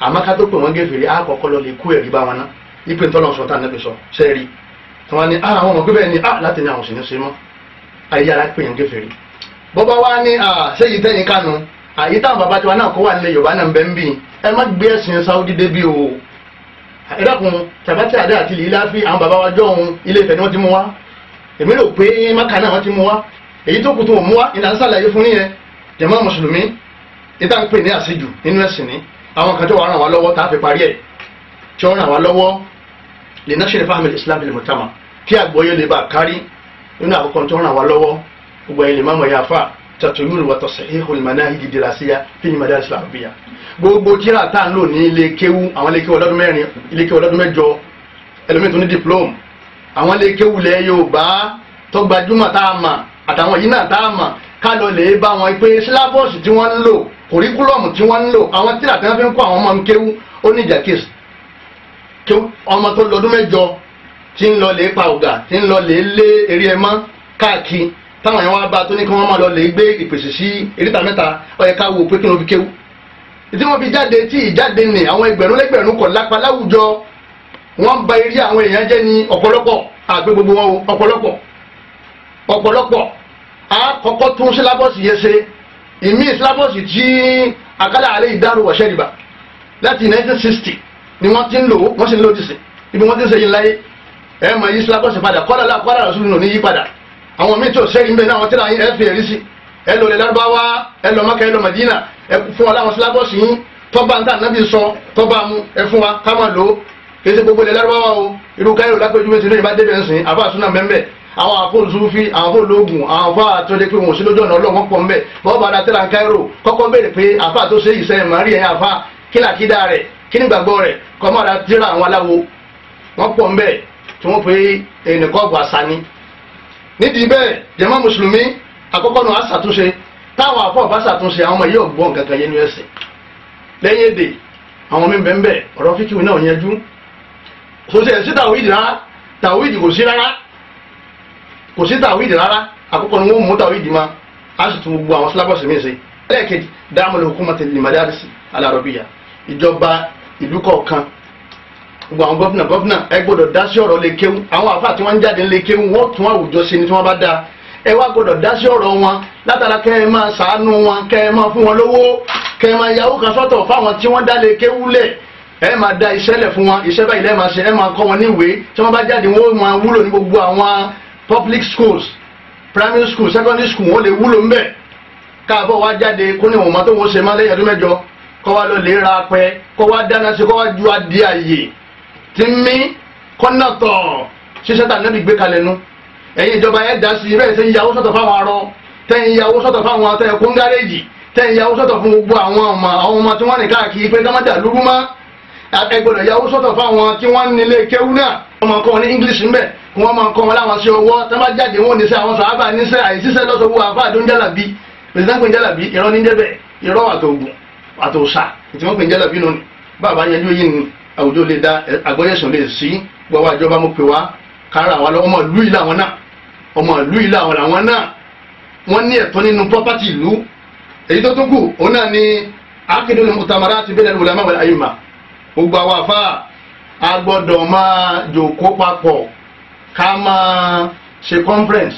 àmọ́ ká tó pè wọ́n gèfèrè á kọ́kọ́ lọ lè kú ẹ̀rí bá wọn ná ipe ntọ́lọ́run sọ táwọn anábì sọ sẹ́ẹ̀rì tí wọ́n ní á ah, àwọn ọmọ gbẹ́bẹ́ ni á ah, láti ní àwọn òsìní símọ́ ayé ara pè yàn gèfèrè bọ́bá wa ní sẹ́yìn ah, tẹ́yìn kánú àyè táwọn bàbá tiwa náà kó wà nílẹ̀ yorùbá náà ń bẹ́ ń bì ẹ má gbé ẹ̀sìn èyí tó kù tó mú wa ìlànà sàlàyé fún yẹn jàmá mùsùlùmí níta ń pè ní àṣejù nínú ẹ̀sìn ni àwọn kan tó wà ràn wá lọ́wọ́ tá a fi parí ẹ̀ tí ó ràn wá lọ́wọ́ lè ná ṣẹlẹ̀ islam lè mọ̀tàmà kí àgbọ̀yé lè bá kárí nínú àkọ́kọ́ tó ràn wá lọ́wọ́ gbogbo ẹ̀yìn lè má mọ̀ yá fà tàtúyúrù wà tọ̀sẹ̀híhù manahiji dirasiya fi madaris islamiyya gbogbo tíra tá à ń lò ní ilé kéwú àwọn ilé kéwú ọlọ́dún mẹ́rin ilé kéwú ọlọ́dún mẹ́jọ ẹlòmíì tó ní diplom àwọn ilé kéwú lẹ́ Yorùbá tó gbajúmọ̀ tá a mà àtàwọn yìí náà tá a mọ̀ ká lọ lè bá wọn pé sílábọ̀sì tí wọ́n ń lò kòríkúlọ̀mù tí wọ́n ń lò àwọn tíra tí wọ́n fi ń kó àwọn ọmọ ń kéwú ó ní ìjàkèsì kí ọmọ tó lọ́dún mẹ́jọ tí ń lọ lè pa ọ̀gà tí ń lọ lè lé eré ẹ mọ́ káàkiri táwọn yẹn wá bá tó ní kí wọ́n máa lọ lè gbé ìpèsè sí eréta mẹ́ta ó yẹ ká wo pé kí wọ́n fi kéwú tí wọ́n fi jáde tí ìjáde nì àwọn ẹgbẹ̀rún lẹ́gbẹ̀rún kọ̀ lápá láwùjọ wọ́n ba eré àwọn èèyàn jẹ́ ní ọ̀pọ̀lọpọ̀ àgbẹ̀ gbogbo wọn o ọ̀pọ̀lọpọ̀ ọ̀pọ̀lọpọ̀ àkọ́kọ́ tún sílábọ̀sì yẹn ṣe ìmí sílábọ̀sì tí akálà àlẹ́ ìdárò wọ̀ṣẹ́ rìbá láti 1960 ni wọ́n ti ń lò wọ́n sì ń lò dìsẹ̀ ibi wọ́n ti ń ṣe yín láyé ẹ̀ mọ̀ yí sílábọ̀sì padà kọ́lá lá kọ́lá rẹ̀ sùn lò ní yí padà àwọn míì tí ò sẹ́yìn bẹ́ẹ̀ náà wọ́n ti ra yín ẹ̀ fi sí ẹ lò lè lárúbáwá ẹ lọ mọ́kà ẹ lọ mọ̀dínà ẹ fún wa láwọn sílábọ̀sì yín tọ́ba ń tà nábì sọ tọ́ba mu ẹ fún wa ká máa lò ó kí ẹ ṣe gbogbo ilẹ̀ lárúbáwá o irú káyọ̀ lápẹ́jú méjì lóyìn bá débẹ̀ ń sìn àbá àsúná mẹ́mbẹ́ àwọn àfọ̀nsúfì àwọn àfọ̀lógún àwọn àfọ̀ àtọ́jẹ́ pé wọn ò sí lójú ọ̀nà ọlọ́wọ́n pọ̀ ńbẹ bọ́ọ̀bù adatẹ́ra káírò kọ́kọ́ béèrè pé àfà tó ṣe ìṣe ìmọ̀rí ẹ̀yìn àfà kí làkídà rẹ̀ kí nígbàgbọ́ rẹ̀ kọ́mọ́ adatẹ́ra àwọn aláwo wọ́n pọ̀ ńbẹ tí wọ́n pe ẹnìkan ọgbà sani. nídìí bẹ́ẹ̀ jàmá mùsùlùmí àkọ́kọ́ nù àṣàtúnṣe táwọn àfọ̀ bá ṣàtúnṣe àwọn ọmọ yìí ọ̀gbọ́n kankan yẹn ní kò sí rárá kò sí tàwíìdì rárá àkọ́kọ́ ni wọ́n mú tàwíìdì ma a sì tún gbogbo àwọn sílábọ̀sì míì ṣe ẹlẹ́ẹ̀kejì dáàmú hukumati limadarisi alárọ̀bíyà ìjọba ìlú kọ̀ọ̀kan gbogbo àwọn gọ́fìnà gọ́fìnà ẹ gbọ́dọ̀ dá sí ọ̀rọ̀ lè kéwù àwọn àfáà tí wọ́n ń jáde lè kéwù wọ́n tún àwùjọ ṣe ni tí wọ́n bá dáa ẹ wá gbọ́dọ̀ dá sí ọ̀rọ̀ wọn látara kẹ́ ẹ máa ṣàánú wọn kẹ́ ẹ máa fún wọn lówó kẹ́ ẹ máa yàwó kan sọ́tọ̀ fáwọn tí wọ́n dá lè kéwù lẹ̀ ẹ máa da iṣẹ́ lẹ̀ fún wọn iṣẹ́ báyìí lẹ́ẹ̀ máa ṣe ẹ máa kọ́ wọn níwèé tí wọ́n bá jáde wọ́n máa wúlò ní gbogbo àwọn public schools primary school secondary school wọn lè wúlò ńbẹ káàbọ̀ wá jáde kó ní òun mọ tó wọn ṣe máa lẹ́yìn ọdún mẹ́jọ kó wá lọ lè ra pẹ́ kó wá dáná sí kó wá ju adé àyè tí mí kọ́nà tọ̀ ṣiṣẹ́ tà nẹ́bí gbé kalẹ̀ nu ẹ̀yin ìjọba ẹ̀ dá sí bẹ́ẹ̀ sẹ́yìn ìyàwó sọ̀tọ̀ fáwọn arọ tẹ̀yìn ìyàwó sọ̀tọ̀ fáwọn atẹ́ ẹ̀kún gáréèjì tẹ̀yìn ìyàwó sọ̀tọ̀ fún gbogbo àwọn ọmọ àwọn ọmọ tí wọ́n ní káàkiri pé dámọ́dà lúrú mọ́ ẹgbẹ̀rún ìyàwó sọ̀tọ̀ fáwọn tí wọ́n nílé kéwú náà ọmọ kan ní English ń bẹ̀ wọ́n máa kọ́ wọn láwọn sí ọwọ́ tán bá jáde wọn ò ní sẹ́ àwọn sàábà ní sẹ́ àìsísẹ́ lọ́sọ̀wọ́ àfáà tó ń jálàbí pèsèntàn pé ń jálàbí irọ́ ní débẹ̀ irọ́ àtòògùn àtòòsà tí wọ́n pè ń jálàbí nù bàbá yanjú yìí ni àwùjọ lè da àgbọ́yẹ̀sùn lè sí gbọ́wọ́ àjọba mo pè wá kára àwa lọ ọmọ ìlú ìlà wọn náà ọmọ ìlú ìlà wọn náà wọ́n ní ẹ̀tọ́ ká máa ṣe conference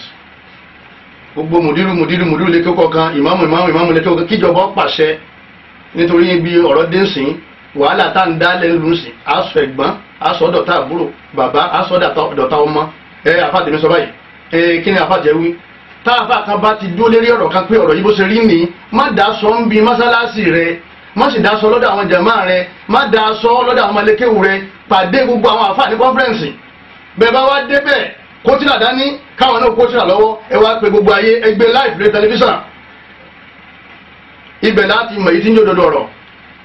gbogbo mùdírù mùdírù mùdírù lè kókó kan ìmáàmù ìmáàmù ìmáàmù lè kókó kan kíjọba pàṣẹ nítorí bí ọ̀rọ̀ dé sìn wàhálà tá ń dálẹ̀ ń lù sìn aṣọ ẹ̀gbọ́n aṣọ dọ̀tà àbúrò bàbá aṣọ dọ̀tà ọmọ ẹ àfàtẹ̀mí sọ báyìí ẹ kí ni àfàtẹ̀ wí tá àfà kan bá ti dúró lérí ọ̀rọ̀ kan pé ọ̀rọ̀ yìí bó ṣe rí nìyí má dá ń bi mọ́sálásì rẹ má sì dá sọ lọ́dọ̀ àwọn jàmáà rẹ má dá sọ lọ́dọ̀ àwọn ọmọlékéwù rẹ pàdé gbogbo àwọn àfà conference bẹ̀ẹ̀bá wá débẹ̀ kótìrà dání káwọn náà kótìrà lọ́wọ́ ẹ wá pe gbogbo ayé ẹgbẹ́ live lórí tẹlifíṣàn ibẹ̀ láti mọ̀ èyí tí ń jó dodo ọ̀rọ̀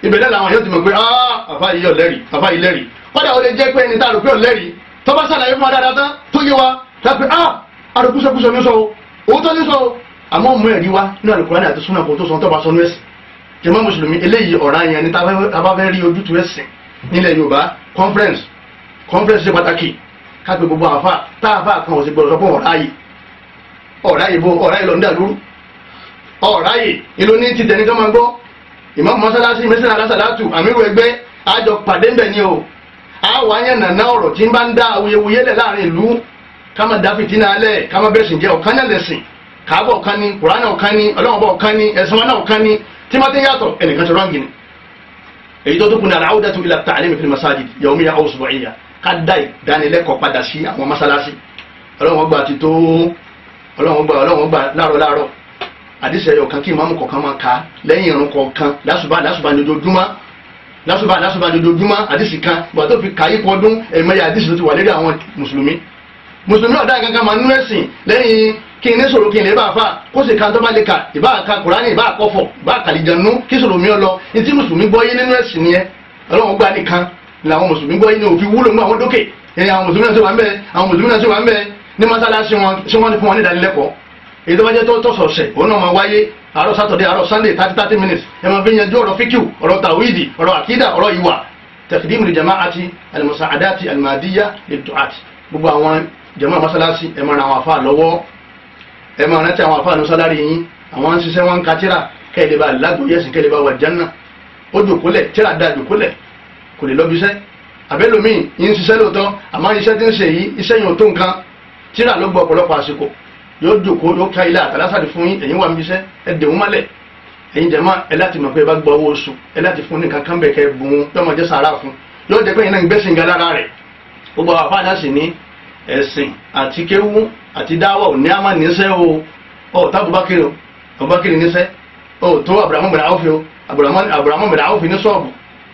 ibẹ̀ náà làwọn yóò ti mọ̀ pé ah àfa yìí ọ̀lẹ́rì àfa yìí lẹ́rì kódà ó lè jẹ́ pé ẹni tá a rò pé ọ̀lẹ́rì tó bá ṣàlàyé fún wa dáadáa tán tó yé wa lápẹ́ ah arúgbóṣekúṣe mi sọ o òun tó ní sọ o àmọ́ mú ẹ̀rí wa ní àlùkùránì àti súnà kò tó sọ tó bá sọ ní ẹ̀sìn jàmá mùsùlùmí eléyìí ọ̀ràn yẹn ni tá a bá fẹ́ rí ojútùú ẹ̀sìn nílẹ̀ Yorùbá conference conference ṣe pàtàkì kápẹ́ gbogbo àfa tá àfa kan òsì gbọdọ̀ sọ́pọ̀ ọ̀ráyè ọ̀ráyè bo ọ̀ráyè lọ ń dàlúrú ọ̀ráyè ìlú ní ti tẹ̀lé tó máa gbọ́ ìmáàmù mọ́sálásí mẹ́sìn alásàlátù àmírù ẹgbẹ́ àjọ pàdé ńbẹ ni o àwa yẹn nàná ọ̀rọ̀ tí ń bá ń dá awuyewuye lẹ̀ láàrin ìlú ká má dá fìtínà alẹ́ ká má bẹ̀sìn jẹ́ ọ̀kan náà lẹ̀sìn kàábọ̀ ọ̀kan ni kùránà ọ̀kan ni ọlọ́wọ́bọ̀ ọ̀kan ni ẹ̀sán wọn náà ọ̀kan ni tí wọ́n ti yàtọ̀ ẹnìkan ti rọ́ǹgì ni èyí tó tó kun ní aláwùdá tó ilà tààlẹ́ mi fi masajid yawmiya aw usbu'iyya ká dá ìdánilẹ́kọ̀ọ́ padà sí àwọn mọ́sálásí ọlọ́run gbà ti tó ọlọ́run gbà ọlọ́run gbà láàárọ̀ láàárọ̀ àdìsẹ́ ẹ̀yọ̀ kan kí ìmáàmù kọ̀ọ̀kan máa ka lẹ́yìn irun kọ̀ọ̀kan lásùbà lásùbà ní ojoojúmọ́ lásùbà lásùbà ní ojoojúmọ́ àdìsí kan ìgbà tó fi kàyí pọ̀ ọdún ẹ̀mẹ́yà àdìsí ló ti wà lérí àwọn mùsùlùmí mùsùlùmí ọ̀dà kankan máa nú ẹ̀sìn lẹ́yìn kí n ní sọ̀rọ̀ kí n lè bá a fa kó sì kan tó lè kà ìbá ka kùránì ìbá kọfọ̀ ìbá kàlìjànú kí sọ̀rọ̀ mi ọ lọ ní tí mùsùlùmí gbọ́ yé nínú ẹ̀sìn yẹn ọlọ́run gbà nìkan làwọn mùsùlùmí gbọ́ inú òfin wúlò mú àwọn dókè àwọn mùsùlùmí náà ṣe wà ń bẹ àwọn mùsùlùmí náà ṣe wà ń bẹ ní mọ́sálásí wọn ṣé wọ́n fún wọn ní ìdánilẹ́kọ̀ọ́ èyí tó bá jẹ́ tó tọ̀sọ̀ọ̀sẹ̀ òun náà máa wáyé àárọ̀ sátọ̀dẹ̀ àárọ̀ sunday thirty thirty minutes ẹ máa fi yanjú ọ̀rọ̀ fíkìw ọ̀rọ̀ tàwíìdì ọ̀rọ̀ àkídà ọ̀rọ̀ ìwà tẹ̀kídìmù jamaati alimusaadati alimadiya eduati gbogbo àwọn jama masalasi ẹ máa ran àwọn afa lọ́wọ́ ẹ máa rántí àwọn afa nusalari yín àwọn ń ṣiṣẹ́ wọn ń ka tíra kẹ́lẹ́ bá lágbóyè sí kẹ́lẹ́ bá wà jẹ́nà ó jòkólẹ̀ tíra da jòkólẹ̀ kò lè lọ bíṣẹ́ àbẹ́lòmíì yìí ń ṣiṣẹ́ lóòótọ́ àmọ́ iṣẹ́ tí ń ṣe yìí iṣẹ́ yìí ò tó nǹkan tíra ló gbọ́ ọ̀pọ̀lọpọ̀ àsìkò yóò jòkó yóò ká ilé àtàlásàdì fún yín ẹ̀yin wà ń bíṣẹ́ ẹ dẹ̀ wọ́n mọ́lẹ̀ ẹ̀yin jẹ̀mọ́ ẹ láti mọ̀ pé ẹ bá gbọ́ owó oṣù ẹ láti fún nìkan kan bẹ̀ kẹ́ bùn yọmọ jẹ́ sàárà fún yóò jẹ́ pé yín náà ń gbẹ́sìn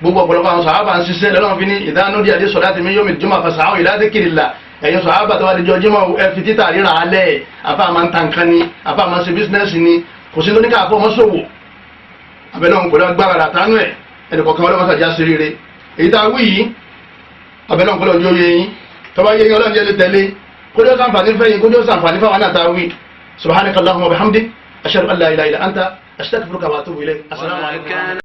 gbogbo ọ̀pọ̀lọpọ̀ àwọn sàhábà ń ṣiṣẹ́ lọ́nà fi ní ìdánudí àdé sọ̀dá ti mi yóò mi jùmọ̀ fàṣàwọ̀ ìlàdé kìrìlà ẹ̀yin sàhábà tó wà lójó jimọ̀ ẹ fi títà ríra alẹ́ àfa máa ń ta nǹkan ni àfa máa ń ṣe bísínẹ́sì ni kò sí lóníkà àfọ mọ́sòwò abẹ́lẹ́ òun pẹ̀lú agbára àtànú ẹ̀ ẹnì kọ̀ọ̀kan ọlọ́mọ sàjà sí rere èyí tá a wí yìí abẹ́lẹ́ òun pẹ̀lú ọjọ́ yẹ yín tọ́ba yẹ